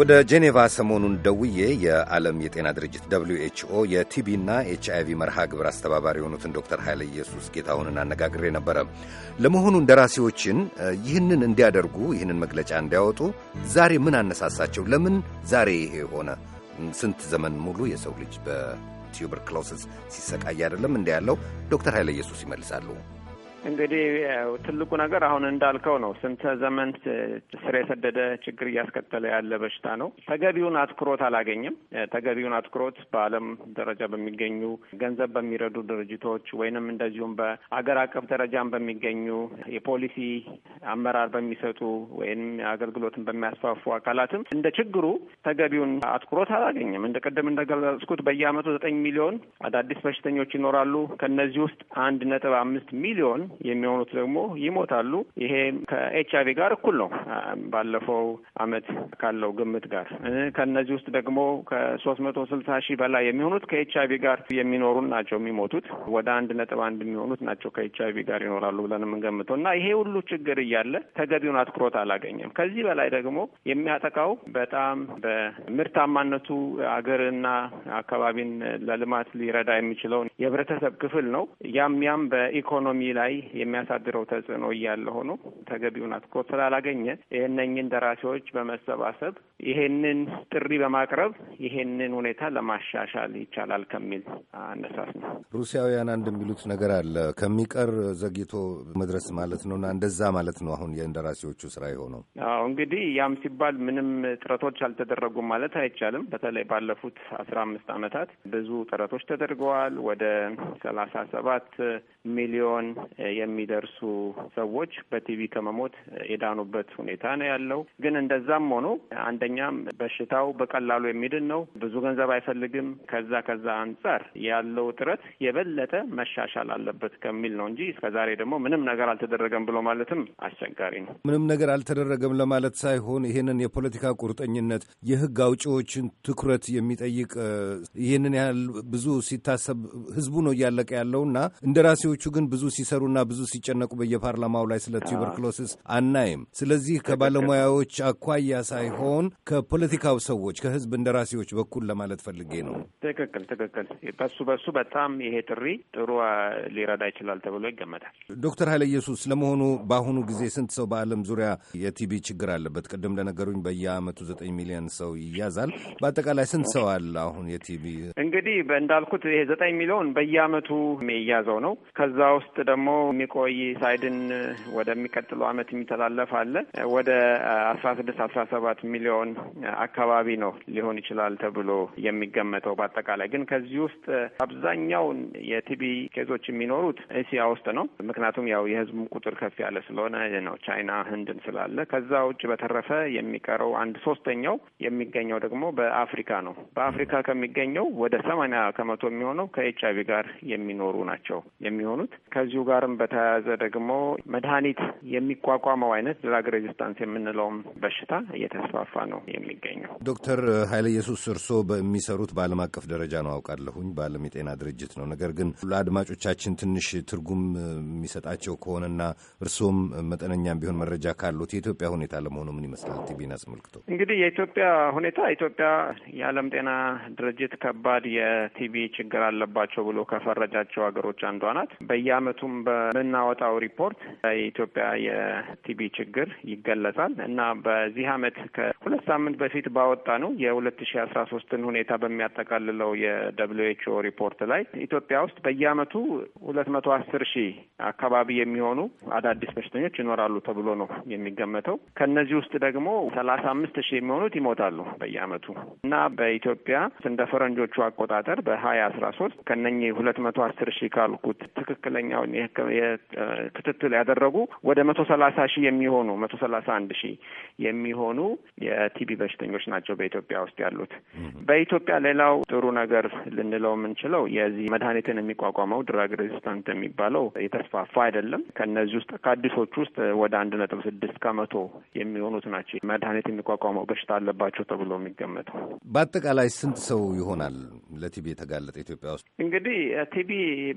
ወደ ጄኔቫ ሰሞኑን ደውዬ የዓለም የጤና ድርጅት ደብሊው ኤችኦ የቲቢና ኤች ቪ መርሃ ግብር አስተባባሪ የሆኑትን ዶክተር ኃይለ ኢየሱስ ጌታሁንን አነጋግሬ ነበረ። ለመሆኑ እንደራሴዎችን ይህንን እንዲያደርጉ ይህንን መግለጫ እንዲያወጡ ዛሬ ምን አነሳሳቸው? ለምን ዛሬ ይሄ ሆነ? ስንት ዘመን ሙሉ የሰው ልጅ በቲዩበርክሎስስ ሲሰቃይ አይደለም እንዲ ያለው ዶክተር ኃይለ ኢየሱስ ይመልሳሉ። እንግዲህ ትልቁ ነገር አሁን እንዳልከው ነው። ስንተ ዘመን ስር የሰደደ ችግር እያስከተለ ያለ በሽታ ነው። ተገቢውን አትኩሮት አላገኘም። ተገቢውን አትኩሮት በዓለም ደረጃ በሚገኙ ገንዘብ በሚረዱ ድርጅቶች ወይንም እንደዚሁም በአገር አቀፍ ደረጃም በሚገኙ የፖሊሲ አመራር በሚሰጡ ወይም አገልግሎትን በሚያስፋፉ አካላትም እንደ ችግሩ ተገቢውን አትኩሮት አላገኘም። እንደ ቅድም እንደገለጽኩት በየዓመቱ ዘጠኝ ሚሊዮን አዳዲስ በሽተኞች ይኖራሉ። ከእነዚህ ውስጥ አንድ ነጥብ አምስት ሚሊዮን የሚሆኑት ደግሞ ይሞታሉ። ይሄ ከኤች አይቪ ጋር እኩል ነው ባለፈው አመት ካለው ግምት ጋር። ከእነዚህ ውስጥ ደግሞ ከሶስት መቶ ስልሳ ሺህ በላይ የሚሆኑት ከኤች አይቪ ጋር የሚኖሩን ናቸው የሚሞቱት። ወደ አንድ ነጥብ አንድ የሚሆኑት ናቸው ከኤች አይቪ ጋር ይኖራሉ ብለን የምንገምተው እና ይሄ ሁሉ ችግር እያለ ተገቢውን አትኩሮት አላገኘም። ከዚህ በላይ ደግሞ የሚያጠቃው በጣም በምርታማነቱ አገርና አካባቢን ለልማት ሊረዳ የሚችለውን የህብረተሰብ ክፍል ነው። ያም ያም በኢኮኖሚ ላይ የሚያሳድረው ተጽዕኖ እያለ ሆኖ ተገቢውን አትኩሮት ስላላገኘ ይህነኝን ደራሲዎች በመሰባሰብ ይሄንን ጥሪ በማቅረብ ይሄንን ሁኔታ ለማሻሻል ይቻላል ከሚል አነሳስ ነው። ሩሲያውያን አንድ የሚሉት ነገር አለ ከሚቀር ዘግይቶ መድረስ ማለት ነው እና እንደዛ ማለት ነው አሁን የደራሲዎቹ ስራ የሆነው። አዎ እንግዲህ ያም ሲባል ምንም ጥረቶች አልተደረጉም ማለት አይቻልም። በተለይ ባለፉት አስራ አምስት ዓመታት ብዙ ጥረቶች ተደርገዋል። ወደ ሰላሳ ሰባት ሚሊዮን የሚደርሱ ሰዎች በቲቪ ከመሞት የዳኑበት ሁኔታ ነው ያለው። ግን እንደዛም ሆኖ አንደኛም በሽታው በቀላሉ የሚድን ነው፣ ብዙ ገንዘብ አይፈልግም። ከዛ ከዛ አንጻር ያለው ጥረት የበለጠ መሻሻል አለበት ከሚል ነው እንጂ ዛሬ ደግሞ ምንም ነገር አልተደረገም ብሎ ማለትም አስቸጋሪ ነው። ምንም ነገር አልተደረገም ለማለት ሳይሆን ይህንን የፖለቲካ ቁርጠኝነት የህግ አውጪዎችን ትኩረት የሚጠይቅ ይህንን ያህል ብዙ ሲታሰብ ህዝቡ ነው እያለቀ ያለውና እንደራሴዎቹ ግን ብዙ ሲሰሩና ብዙ ሲጨነቁ በየፓርላማው ላይ ስለ ቱበርክሎሲስ አናይም። ስለዚህ ከባለሙያዎች አኳያ ሳይሆን ከፖለቲካው ሰዎች ከህዝብ እንደራሴዎች በኩል ለማለት ፈልጌ ነው። ትክክል ትክክል። በሱ በሱ በጣም ይሄ ጥሪ ጥሩ ሊረዳ ይችላል ተብሎ ይገመታል። ዶክተር ኃይለ ኢየሱስ ለመሆኑ በአሁኑ ጊዜ ስንት ሰው በዓለም ዙሪያ የቲቢ ችግር አለበት? ቅድም ለነገሩኝ በየአመቱ ዘጠኝ ሚሊዮን ሰው ይያዛል። በአጠቃላይ ስንት ሰው አለ አሁን የቲቢ? እንግዲህ እንዳልኩት ይሄ ዘጠኝ ሚሊዮን በየአመቱ የሚያዘው ነው። ከዛ ውስጥ ደግሞ የሚቆይ ሳይድን ወደሚቀጥለው ዓመት የሚተላለፍ አለ። ወደ አስራ ስድስት አስራ ሰባት ሚሊዮን አካባቢ ነው ሊሆን ይችላል ተብሎ የሚገመተው። በአጠቃላይ ግን ከዚህ ውስጥ አብዛኛውን የቲቢ ኬዞች የሚኖሩት እስያ ውስጥ ነው። ምክንያቱም ያው የህዝቡ ቁጥር ከፍ ያለ ስለሆነ ነው ቻይና ህንድን ስላለ። ከዛ ውጭ በተረፈ የሚቀረው አንድ ሶስተኛው የሚገኘው ደግሞ በአፍሪካ ነው። በአፍሪካ ከሚገኘው ወደ ሰማንያ ከመቶ የሚሆነው ከኤች አይቪ ጋር የሚኖሩ ናቸው የሚሆኑት ከዚሁ ጋር ጋርም በተያያዘ ደግሞ መድኃኒት የሚቋቋመው አይነት ድራግ ሬዚስታንስ የምንለውም በሽታ እየተስፋፋ ነው የሚገኘው። ዶክተር ኃይለ ኢየሱስ እርስዎ በሚሰሩት በዓለም አቀፍ ደረጃ ነው አውቃለሁኝ፣ በዓለም የጤና ድርጅት ነው። ነገር ግን ለአድማጮቻችን ትንሽ ትርጉም የሚሰጣቸው ከሆነና እርስዎም መጠነኛም ቢሆን መረጃ ካሉት የኢትዮጵያ ሁኔታ ለመሆኑ ምን ይመስላል? ቲቢን አስመልክቶ እንግዲህ የኢትዮጵያ ሁኔታ ኢትዮጵያ የዓለም ጤና ድርጅት ከባድ የቲቢ ችግር አለባቸው ብሎ ከፈረጃቸው ሀገሮች አንዷ ናት። በ በምናወጣው ሪፖርት የኢትዮጵያ የቲቢ ችግር ይገለጻል እና በዚህ አመት ከሁለት ሳምንት በፊት ባወጣ ነው የሁለት ሺ አስራ ሶስትን ሁኔታ በሚያጠቃልለው የደብሊው ኤች ኦ ሪፖርት ላይ ኢትዮጵያ ውስጥ በየአመቱ ሁለት መቶ አስር ሺህ አካባቢ የሚሆኑ አዳዲስ በሽተኞች ይኖራሉ ተብሎ ነው የሚገመተው። ከእነዚህ ውስጥ ደግሞ ሰላሳ አምስት ሺህ የሚሆኑት ይሞታሉ በየአመቱ እና በኢትዮጵያ እንደ ፈረንጆቹ አቆጣጠር በሀያ አስራ ሶስት ከነኚህ ሁለት መቶ አስር ሺህ ካልኩት ትክክለኛውን የህክም ክትትል ያደረጉ ወደ መቶ ሰላሳ ሺህ የሚሆኑ መቶ ሰላሳ አንድ ሺህ የሚሆኑ የቲቢ በሽተኞች ናቸው በኢትዮጵያ ውስጥ ያሉት። በኢትዮጵያ ሌላው ጥሩ ነገር ልንለው የምንችለው የዚህ መድኃኒትን የሚቋቋመው ድራግ ሬዚስታንት የሚባለው የተስፋፋ አይደለም። ከእነዚህ ውስጥ ከአዲሶች ውስጥ ወደ አንድ ነጥብ ስድስት ከመቶ የሚሆኑት ናቸው መድኃኒት የሚቋቋመው በሽታ አለባቸው ተብሎ የሚገመተው። በአጠቃላይ ስንት ሰው ይሆናል ለቲቢ የተጋለጠ ኢትዮጵያ ውስጥ? እንግዲህ ቲቢ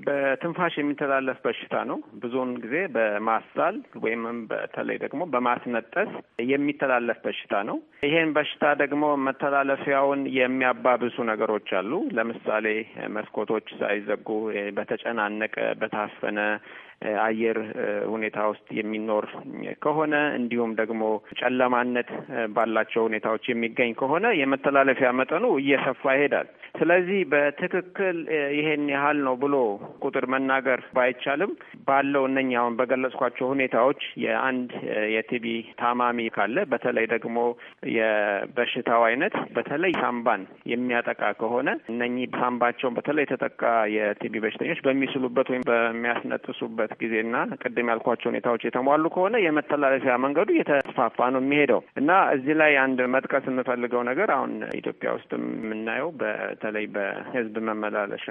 በትንፋሽ የሚተላለፍ በሽታ ነው። ብዙውን ጊዜ በማሳል ወይም በተለይ ደግሞ በማስነጠስ የሚተላለፍ በሽታ ነው። ይሄን በሽታ ደግሞ መተላለፊያውን የሚያባብሱ ነገሮች አሉ። ለምሳሌ መስኮቶች ሳይዘጉ በተጨናነቀ በታፈነ አየር ሁኔታ ውስጥ የሚኖር ከሆነ እንዲሁም ደግሞ ጨለማነት ባላቸው ሁኔታዎች የሚገኝ ከሆነ የመተላለፊያ መጠኑ እየሰፋ ይሄዳል። ስለዚህ በትክክል ይሄን ያህል ነው ብሎ ቁጥር መናገር ባይቻልም ባለው እነኛ አሁን በገለጽኳቸው ሁኔታዎች የአንድ የቲቢ ታማሚ ካለ በተለይ ደግሞ የበሽታው አይነት በተለይ ሳምባን የሚያጠቃ ከሆነ እነኚህ ሳምባቸውን በተለይ የተጠቃ የቲቢ በሽተኞች በሚስሉበት ወይም በሚያስነጥሱበት በሚሆንበት ጊዜና ቅድም ያልኳቸው ሁኔታዎች የተሟሉ ከሆነ የመተላለፊያ መንገዱ እየተስፋፋ ነው የሚሄደው እና እዚህ ላይ አንድ መጥቀስ የምፈልገው ነገር አሁን ኢትዮጵያ ውስጥ የምናየው በተለይ በህዝብ መመላለሻ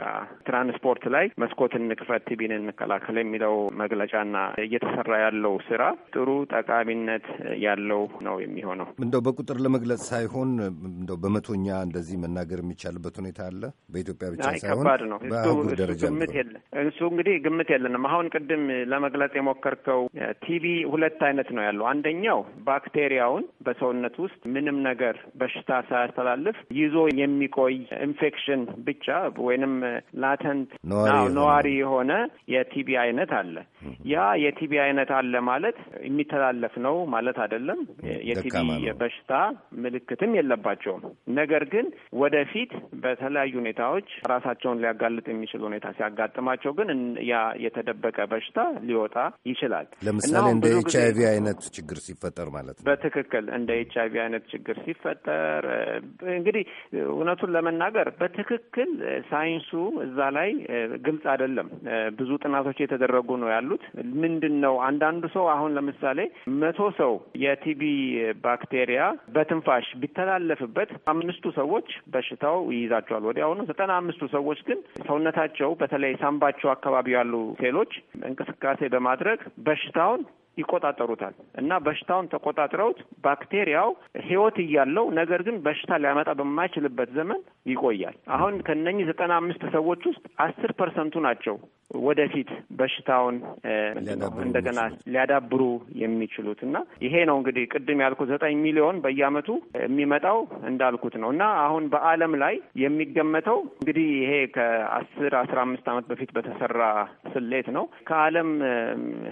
ትራንስፖርት ላይ መስኮት እንክፈት ቲቢን እንከላከል የሚለው መግለጫና እየተሰራ ያለው ስራ ጥሩ ጠቃሚነት ያለው ነው የሚሆነው። እንደው በቁጥር ለመግለጽ ሳይሆን እንደው በመቶኛ እንደዚህ መናገር የሚቻልበት ሁኔታ አለ። በኢትዮጵያ ብቻ ሳይሆን ከባድ ነው። ደረጃ ግምት የለ እሱ እንግዲህ ግምት የለንም። አሁን ቅድም ለመግለጽ የሞከርከው ቲቪ ሁለት አይነት ነው ያለው። አንደኛው ባክቴሪያውን በሰውነት ውስጥ ምንም ነገር በሽታ ሳያስተላልፍ ይዞ የሚቆይ ኢንፌክሽን ብቻ ወይንም ላተንት ነዋሪ የሆነ የቲቪ አይነት አለ። ያ የቲቪ አይነት አለ ማለት የሚተላለፍ ነው ማለት አይደለም። የቲቪ በሽታ ምልክትም የለባቸውም። ነገር ግን ወደፊት በተለያዩ ሁኔታዎች ራሳቸውን ሊያጋልጥ የሚችል ሁኔታ ሲያጋጥማቸው ግን ያ የተደበቀ በሽታ ሊወጣ ይችላል። ለምሳሌ እንደ ኤች አይቪ አይነት ችግር ሲፈጠር ማለት ነው። በትክክል እንደ ኤች አይቪ አይነት ችግር ሲፈጠር እንግዲህ እውነቱን ለመናገር በትክክል ሳይንሱ እዛ ላይ ግልጽ አይደለም። ብዙ ጥናቶች የተደረጉ ነው ያሉት። ምንድን ነው አንዳንዱ ሰው አሁን ለምሳሌ መቶ ሰው የቲቢ ባክቴሪያ በትንፋሽ ቢተላለፍበት አምስቱ ሰዎች በሽታው ይይዛቸዋል ወዲያውኑ። ዘጠና አምስቱ ሰዎች ግን ሰውነታቸው በተለይ ሳምባቸው አካባቢ ያሉ ሴሎች እንቅስቃሴ በማድረግ በሽታውን ይቆጣጠሩታል እና በሽታውን ተቆጣጥረውት ባክቴሪያው ህይወት እያለው ነገር ግን በሽታ ሊያመጣ በማይችልበት ዘመን ይቆያል። አሁን ከነኚህ ዘጠና አምስት ሰዎች ውስጥ አስር ፐርሰንቱ ናቸው ወደፊት በሽታውን እንደገና ሊያዳብሩ የሚችሉት እና ይሄ ነው እንግዲህ ቅድም ያልኩት ዘጠኝ ሚሊዮን በየአመቱ የሚመጣው እንዳልኩት ነው እና አሁን በዓለም ላይ የሚገመተው እንግዲህ ይሄ ከአስር አስራ አምስት አመት በፊት በተሰራ ስሌት ነው ከዓለም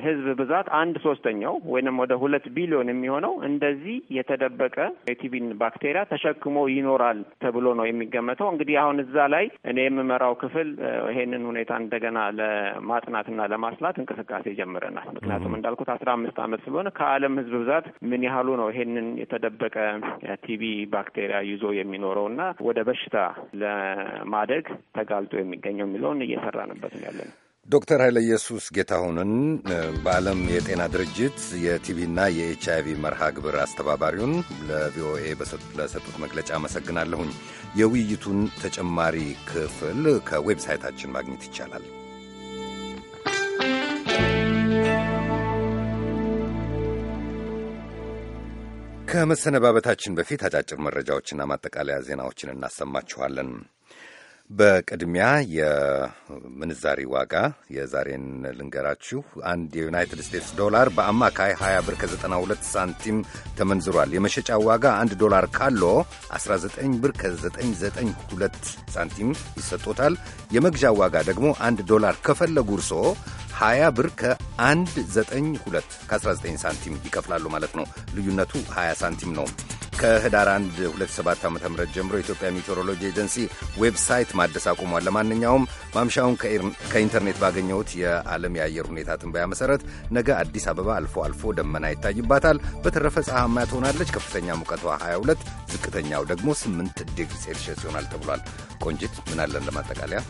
ህዝብ ብዛት አንድ ሶ ሶስተኛው ወይንም ወደ ሁለት ቢሊዮን የሚሆነው እንደዚህ የተደበቀ የቲቪን ባክቴሪያ ተሸክሞ ይኖራል ተብሎ ነው የሚገመተው። እንግዲህ አሁን እዛ ላይ እኔ የምመራው ክፍል ይሄንን ሁኔታ እንደገና ለማጥናትና ለማስላት እንቅስቃሴ ጀምረናል። ምክንያቱም እንዳልኩት አስራ አምስት ዓመት ስለሆነ ከዓለም ህዝብ ብዛት ምን ያህሉ ነው ይሄንን የተደበቀ ቲቪ ባክቴሪያ ይዞ የሚኖረው እና ወደ በሽታ ለማደግ ተጋልጦ የሚገኘው የሚለውን እየሰራንበት ነው ያለነው። ዶክተር ኃይለ ኢየሱስ ጌታሁንን በዓለም የጤና ድርጅት የቲቪና የኤች አይቪ መርሃ ግብር አስተባባሪውን ለቪኦኤ ለሰጡት መግለጫ አመሰግናለሁኝ። የውይይቱን ተጨማሪ ክፍል ከዌብሳይታችን ማግኘት ይቻላል። ከመሰነባበታችን በፊት አጫጭር መረጃዎችና ማጠቃለያ ዜናዎችን እናሰማችኋለን። በቅድሚያ የምንዛሪ ዋጋ የዛሬን ልንገራችሁ። አንድ የዩናይትድ ስቴትስ ዶላር በአማካይ 20 ብር ከ92 ሳንቲም ተመንዝሯል። የመሸጫ ዋጋ 1 ዶላር ካሎ 19 ብር ከ992 ሳንቲም ይሰጦታል። የመግዣ ዋጋ ደግሞ 1 ዶላር ከፈለጉ እርሶ 20 ብር ከ192 ከ19 ሳንቲም ይከፍላሉ ማለት ነው። ልዩነቱ 20 ሳንቲም ነው። ከህዳር 1 27 ዓ ም ጀምሮ የኢትዮጵያ ሜቴሮሎጂ ኤጀንሲ ዌብሳይት ማደስ አቁሟል። ለማንኛውም ማምሻውን ከኢንተርኔት ባገኘሁት የዓለም የአየር ሁኔታ ትንበያ መሠረት ነገ አዲስ አበባ አልፎ አልፎ ደመና ይታይባታል። በተረፈ ፀሐያማ ትሆናለች። ከፍተኛ ሙቀቷ 22፣ ዝቅተኛው ደግሞ 8 ዲግሪ ሴልሺየስ ይሆናል ተብሏል። ቆንጂት ምን አለን ለማጠቃለያ?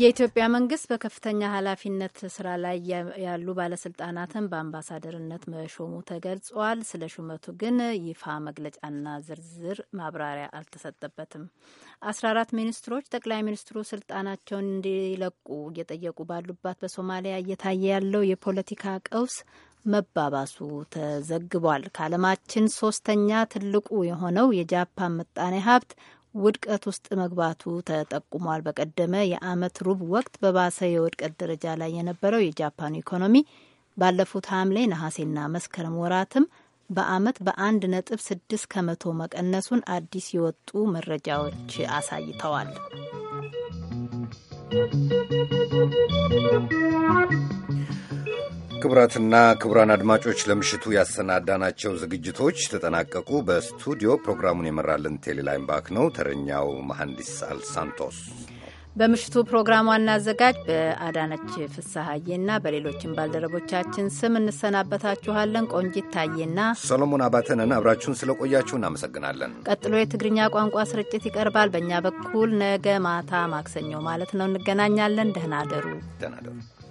የኢትዮጵያ መንግስት በከፍተኛ ኃላፊነት ስራ ላይ ያሉ ባለስልጣናትን በአምባሳደርነት መሾሙ ተገልጿል። ስለ ሹመቱ ግን ይፋ መግለጫና ዝርዝር ማብራሪያ አልተሰጠበትም። አስራ አራት ሚኒስትሮች ጠቅላይ ሚኒስትሩ ስልጣናቸውን እንዲለቁ እየጠየቁ ባሉባት በሶማሊያ እየታየ ያለው የፖለቲካ ቀውስ መባባሱ ተዘግቧል። ከዓለማችን ሶስተኛ ትልቁ የሆነው የጃፓን ምጣኔ ሀብት ውድቀት ውስጥ መግባቱ ተጠቁሟል። በቀደመ የአመት ሩብ ወቅት በባሰ የውድቀት ደረጃ ላይ የነበረው የጃፓኑ ኢኮኖሚ ባለፉት ሐምሌ፣ ነሐሴና መስከረም ወራትም በአመት በአንድ ነጥብ ስድስት ከመቶ መቀነሱን አዲስ የወጡ መረጃዎች አሳይተዋል። ክቡራትና ክቡራን አድማጮች ለምሽቱ ያሰናዳናቸው ዝግጅቶች ተጠናቀቁ። በስቱዲዮ ፕሮግራሙን የመራልን ቴሌላይም ባክ ነው። ተረኛው መሐንዲስ አልሳንቶስ በምሽቱ ፕሮግራም ዋና አዘጋጅ በአዳነች ፍስሐዬና በሌሎችም ባልደረቦቻችን ስም እንሰናበታችኋለን። ቆንጂት ታዬና ሰሎሞን አባተንን አብራችሁን ስለቆያችሁ እናመሰግናለን። ቀጥሎ የትግርኛ ቋንቋ ስርጭት ይቀርባል። በእኛ በኩል ነገ ማታ ማክሰኞ ማለት ነው እንገናኛለን። ደህና ደሩ። ደህና ደሩ።